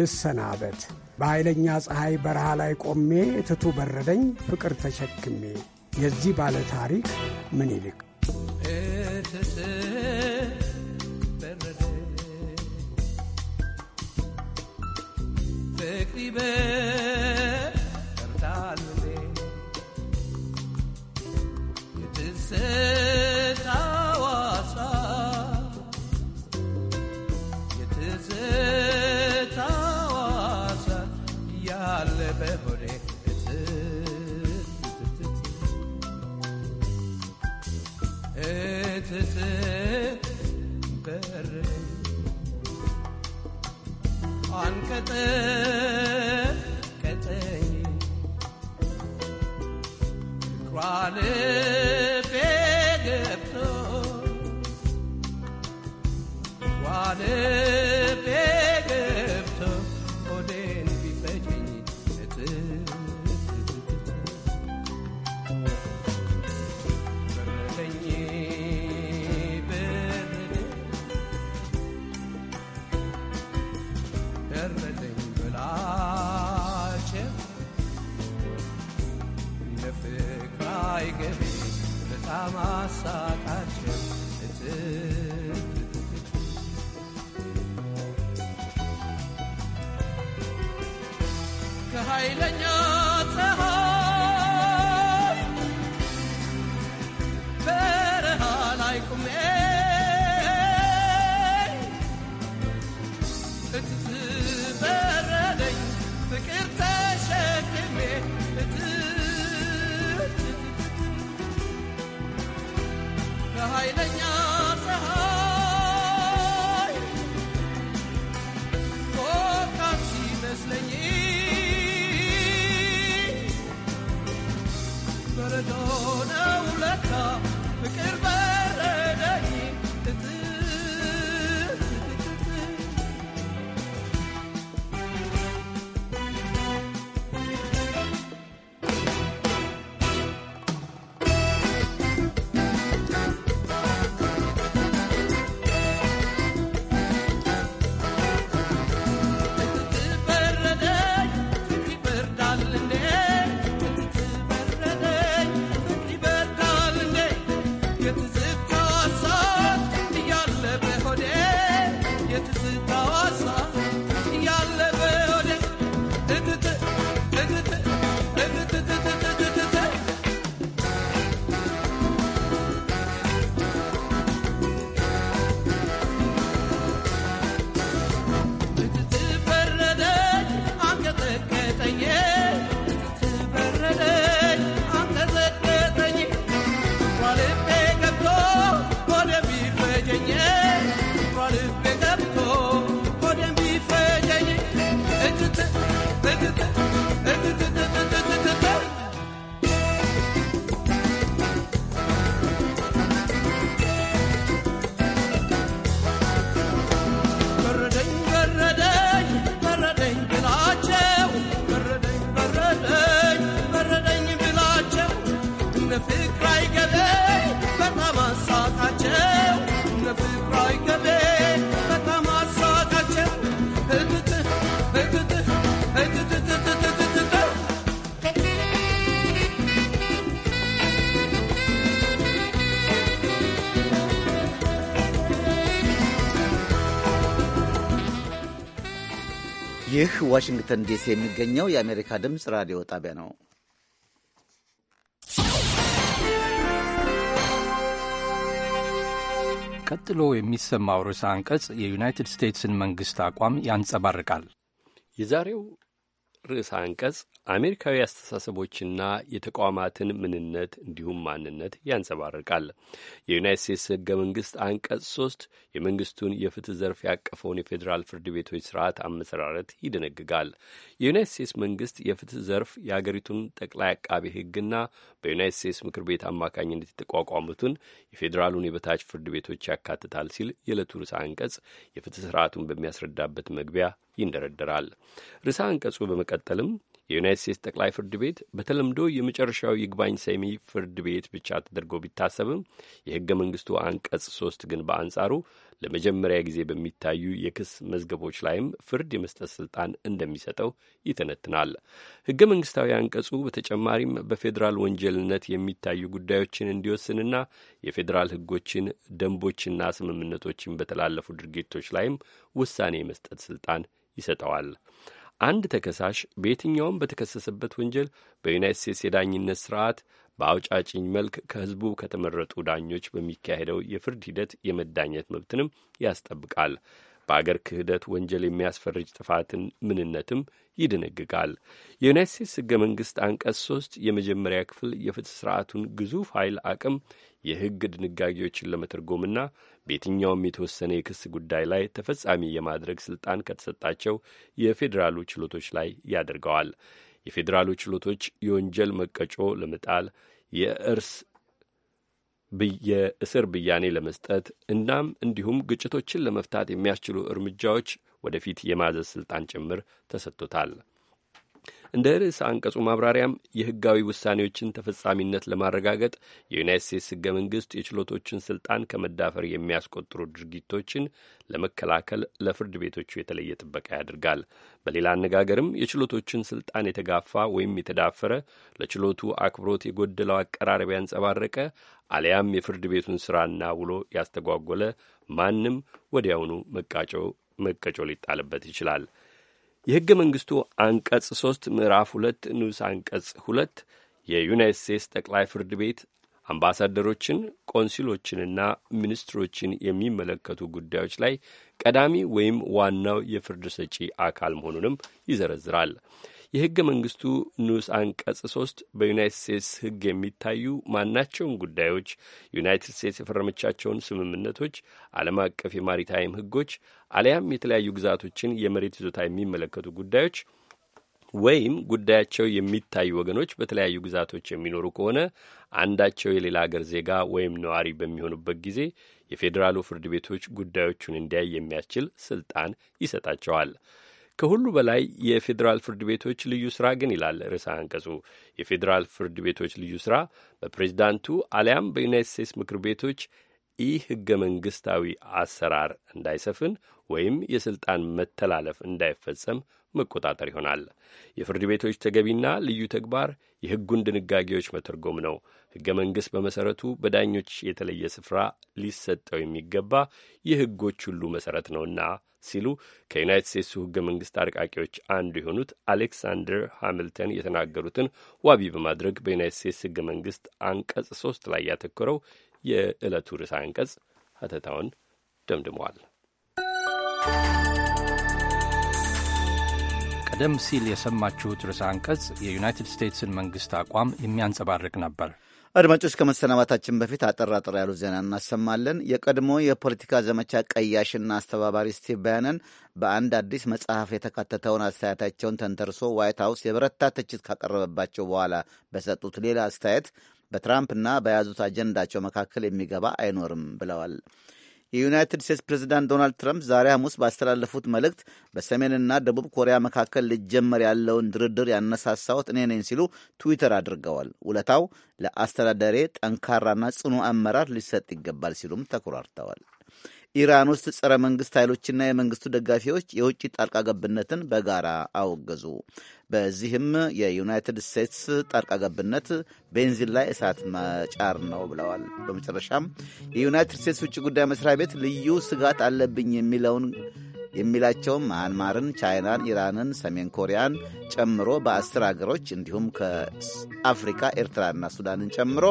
ልሰናበት። በኃይለኛ ፀሐይ በረሃ ላይ ቆሜ ትቱ በረደኝ ፍቅር ተሸክሜ የዚህ ባለ ታሪክ ምን ይልቅ escribe ዋሽንግተን ዲሲ የሚገኘው የአሜሪካ ድምፅ ራዲዮ ጣቢያ ነው። ቀጥሎ የሚሰማው ርዕሰ አንቀጽ የዩናይትድ ስቴትስን መንግሥት አቋም ያንጸባርቃል። የዛሬው ርዕሰ አንቀጽ አሜሪካዊ አስተሳሰቦችና የተቋማትን ምንነት እንዲሁም ማንነት ያንጸባርቃል። የዩናይት ስቴትስ ህገ መንግስት አንቀጽ ሶስት የመንግስቱን የፍትህ ዘርፍ ያቀፈውን የፌዴራል ፍርድ ቤቶች ስርዓት አመሰራረት ይደነግጋል። የዩናይት ስቴትስ መንግስት የፍትህ ዘርፍ የአገሪቱን ጠቅላይ አቃቤ ህግና በዩናይት ስቴትስ ምክር ቤት አማካኝነት የተቋቋሙትን የፌዴራሉን የበታች ፍርድ ቤቶች ያካትታል ሲል የዕለቱ ርዕሰ አንቀጽ የፍትህ ስርዓቱን በሚያስረዳበት መግቢያ ይንደረደራል። ርዕሰ አንቀጹ በመቀጠልም የዩናይት ስቴትስ ጠቅላይ ፍርድ ቤት በተለምዶ የመጨረሻው ይግባኝ ሰሚ ፍርድ ቤት ብቻ ተደርጎ ቢታሰብም የሕገ መንግስቱ አንቀጽ ሶስት ግን በአንጻሩ ለመጀመሪያ ጊዜ በሚታዩ የክስ መዝገቦች ላይም ፍርድ የመስጠት ስልጣን እንደሚሰጠው ይተነትናል። ሕገ መንግስታዊ አንቀጹ በተጨማሪም በፌዴራል ወንጀልነት የሚታዩ ጉዳዮችን እንዲወስንና የፌዴራል ሕጎችን ደንቦችና ስምምነቶችን በተላለፉ ድርጊቶች ላይም ውሳኔ የመስጠት ስልጣን ይሰጠዋል። አንድ ተከሳሽ በየትኛውም በተከሰሰበት ወንጀል በዩናይት ስቴትስ የዳኝነት ስርዓት በአውጫጭኝ መልክ ከህዝቡ ከተመረጡ ዳኞች በሚካሄደው የፍርድ ሂደት የመዳኘት መብትንም ያስጠብቃል። በአገር ክህደት ወንጀል የሚያስፈርጅ ጥፋትን ምንነትም ይደነግጋል። የዩናይት ስቴትስ ህገ መንግስት አንቀጽ ሶስት የመጀመሪያ ክፍል የፍትሕ ስርዓቱን ግዙፍ ኃይል አቅም የህግ ድንጋጌዎችን ለመተርጎምና በየትኛውም የተወሰነ የክስ ጉዳይ ላይ ተፈጻሚ የማድረግ ስልጣን ከተሰጣቸው የፌዴራሉ ችሎቶች ላይ ያደርገዋል። የፌዴራሉ ችሎቶች የወንጀል መቀጮ ለመጣል የእርስ የእስር ብያኔ ለመስጠት እናም እንዲሁም ግጭቶችን ለመፍታት የሚያስችሉ እርምጃዎች ወደፊት የማዘዝ ስልጣን ጭምር ተሰጥቶታል። እንደ ርዕስ አንቀጹ ማብራሪያም የህጋዊ ውሳኔዎችን ተፈጻሚነት ለማረጋገጥ የዩናይት ስቴትስ ህገ መንግስት የችሎቶችን ስልጣን ከመዳፈር የሚያስቆጥሩ ድርጊቶችን ለመከላከል ለፍርድ ቤቶቹ የተለየ ጥበቃ ያደርጋል። በሌላ አነጋገርም የችሎቶችን ስልጣን የተጋፋ ወይም የተዳፈረ፣ ለችሎቱ አክብሮት የጎደለው አቀራረብ ያንጸባረቀ አሊያም የፍርድ ቤቱን ስራና ውሎ ያስተጓጎለ ማንም ወዲያውኑ መቃጮ መቀጮ ሊጣልበት ይችላል። የሕገ መንግሥቱ አንቀጽ ሶስት ምዕራፍ ሁለት ንዑስ አንቀጽ ሁለት የዩናይት ስቴትስ ጠቅላይ ፍርድ ቤት አምባሳደሮችን ቆንሲሎችንና ሚኒስትሮችን የሚመለከቱ ጉዳዮች ላይ ቀዳሚ ወይም ዋናው የፍርድ ሰጪ አካል መሆኑንም ይዘረዝራል። የህገ መንግስቱ ንዑስ አንቀጽ ሶስት በዩናይትድ ስቴትስ ህግ የሚታዩ ማናቸውን ጉዳዮች ዩናይትድ ስቴትስ የፈረመቻቸውን ስምምነቶች፣ ዓለም አቀፍ የማሪታይም ህጎች አሊያም የተለያዩ ግዛቶችን የመሬት ይዞታ የሚመለከቱ ጉዳዮች ወይም ጉዳያቸው የሚታዩ ወገኖች በተለያዩ ግዛቶች የሚኖሩ ከሆነ አንዳቸው የሌላ አገር ዜጋ ወይም ነዋሪ በሚሆኑበት ጊዜ የፌዴራሉ ፍርድ ቤቶች ጉዳዮቹን እንዲያይ የሚያስችል ስልጣን ይሰጣቸዋል። ከሁሉ በላይ የፌዴራል ፍርድ ቤቶች ልዩ ስራ ግን ይላል ርዕሰ አንቀጹ የፌዴራል ፍርድ ቤቶች ልዩ ስራ በፕሬዚዳንቱ አሊያም በዩናይት ስቴትስ ምክር ቤቶች ይህ ህገ መንግስታዊ አሰራር እንዳይሰፍን ወይም የስልጣን መተላለፍ እንዳይፈጸም መቆጣጠር ይሆናል። የፍርድ ቤቶች ተገቢና ልዩ ተግባር የህጉን ድንጋጌዎች መተርጎም ነው። ሕገ መንግሥት በመሠረቱ በዳኞች የተለየ ስፍራ ሊሰጠው የሚገባ የሕጎች ሁሉ መሠረት ነውና ሲሉ ከዩናይትድ ስቴትሱ ሕገ መንግሥት አርቃቂዎች አንዱ የሆኑት አሌክሳንደር ሃሚልተን የተናገሩትን ዋቢ በማድረግ በዩናይትድ ስቴትስ ሕገ መንግሥት አንቀጽ ሶስት ላይ ያተኮረው የዕለቱ ርዕሰ አንቀጽ ሀተታውን ደምድመዋል። ቀደም ሲል የሰማችሁት ርዕሰ አንቀጽ የዩናይትድ ስቴትስን መንግሥት አቋም የሚያንጸባርቅ ነበር። አድማጮች ከመሰናባታችን በፊት አጠር አጠር ያሉ ዜና እናሰማለን። የቀድሞ የፖለቲካ ዘመቻ ቀያሽና አስተባባሪ ስቲቭ ባያነን በአንድ አዲስ መጽሐፍ የተካተተውን አስተያየታቸውን ተንተርሶ ዋይት ሀውስ የበረታ ትችት ካቀረበባቸው በኋላ በሰጡት ሌላ አስተያየት በትራምፕና በያዙት አጀንዳቸው መካከል የሚገባ አይኖርም ብለዋል። የዩናይትድ ስቴትስ ፕሬዚዳንት ዶናልድ ትራምፕ ዛሬ ሐሙስ ባስተላለፉት መልእክት በሰሜንና ደቡብ ኮሪያ መካከል ሊጀመር ያለውን ድርድር ያነሳሳሁት እኔ ነኝ ሲሉ ትዊተር አድርገዋል። ውለታው ለአስተዳደሬ ጠንካራና ጽኑ አመራር ሊሰጥ ይገባል ሲሉም ተኩራርተዋል። ኢራን ውስጥ ጸረ መንግስት ኃይሎችና የመንግስቱ ደጋፊዎች የውጭ ጣልቃ ገብነትን በጋራ አወገዙ። በዚህም የዩናይትድ ስቴትስ ጣልቃ ገብነት ቤንዚን ላይ እሳት መጫር ነው ብለዋል። በመጨረሻም የዩናይትድ ስቴትስ ውጭ ጉዳይ መስሪያ ቤት ልዩ ስጋት አለብኝ የሚለውን የሚላቸውም ማንማርን፣ ቻይናን፣ ኢራንን፣ ሰሜን ኮሪያን ጨምሮ በአስር አገሮች እንዲሁም ከአፍሪካ ኤርትራና ሱዳንን ጨምሮ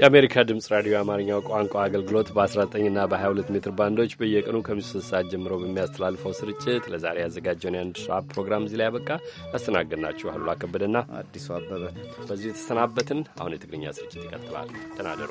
የአሜሪካ ድምፅ ራዲዮ የአማርኛው ቋንቋ አገልግሎት በ 19 እና በ22 ሜትር ባንዶች በየቀኑ ከምሽቱ ሰዓት ጀምሮ በሚያስተላልፈው ስርጭት ለዛሬ ያዘጋጀውን የአንድ ሰዓት ፕሮግራም እዚህ ላይ ያበቃ። ያስተናገድናችሁ አሉላ ከበደና አዲሱ አበበ በዚሁ የተሰናበትን። አሁን የትግርኛ ስርጭት ይቀጥላል። ተናደሩ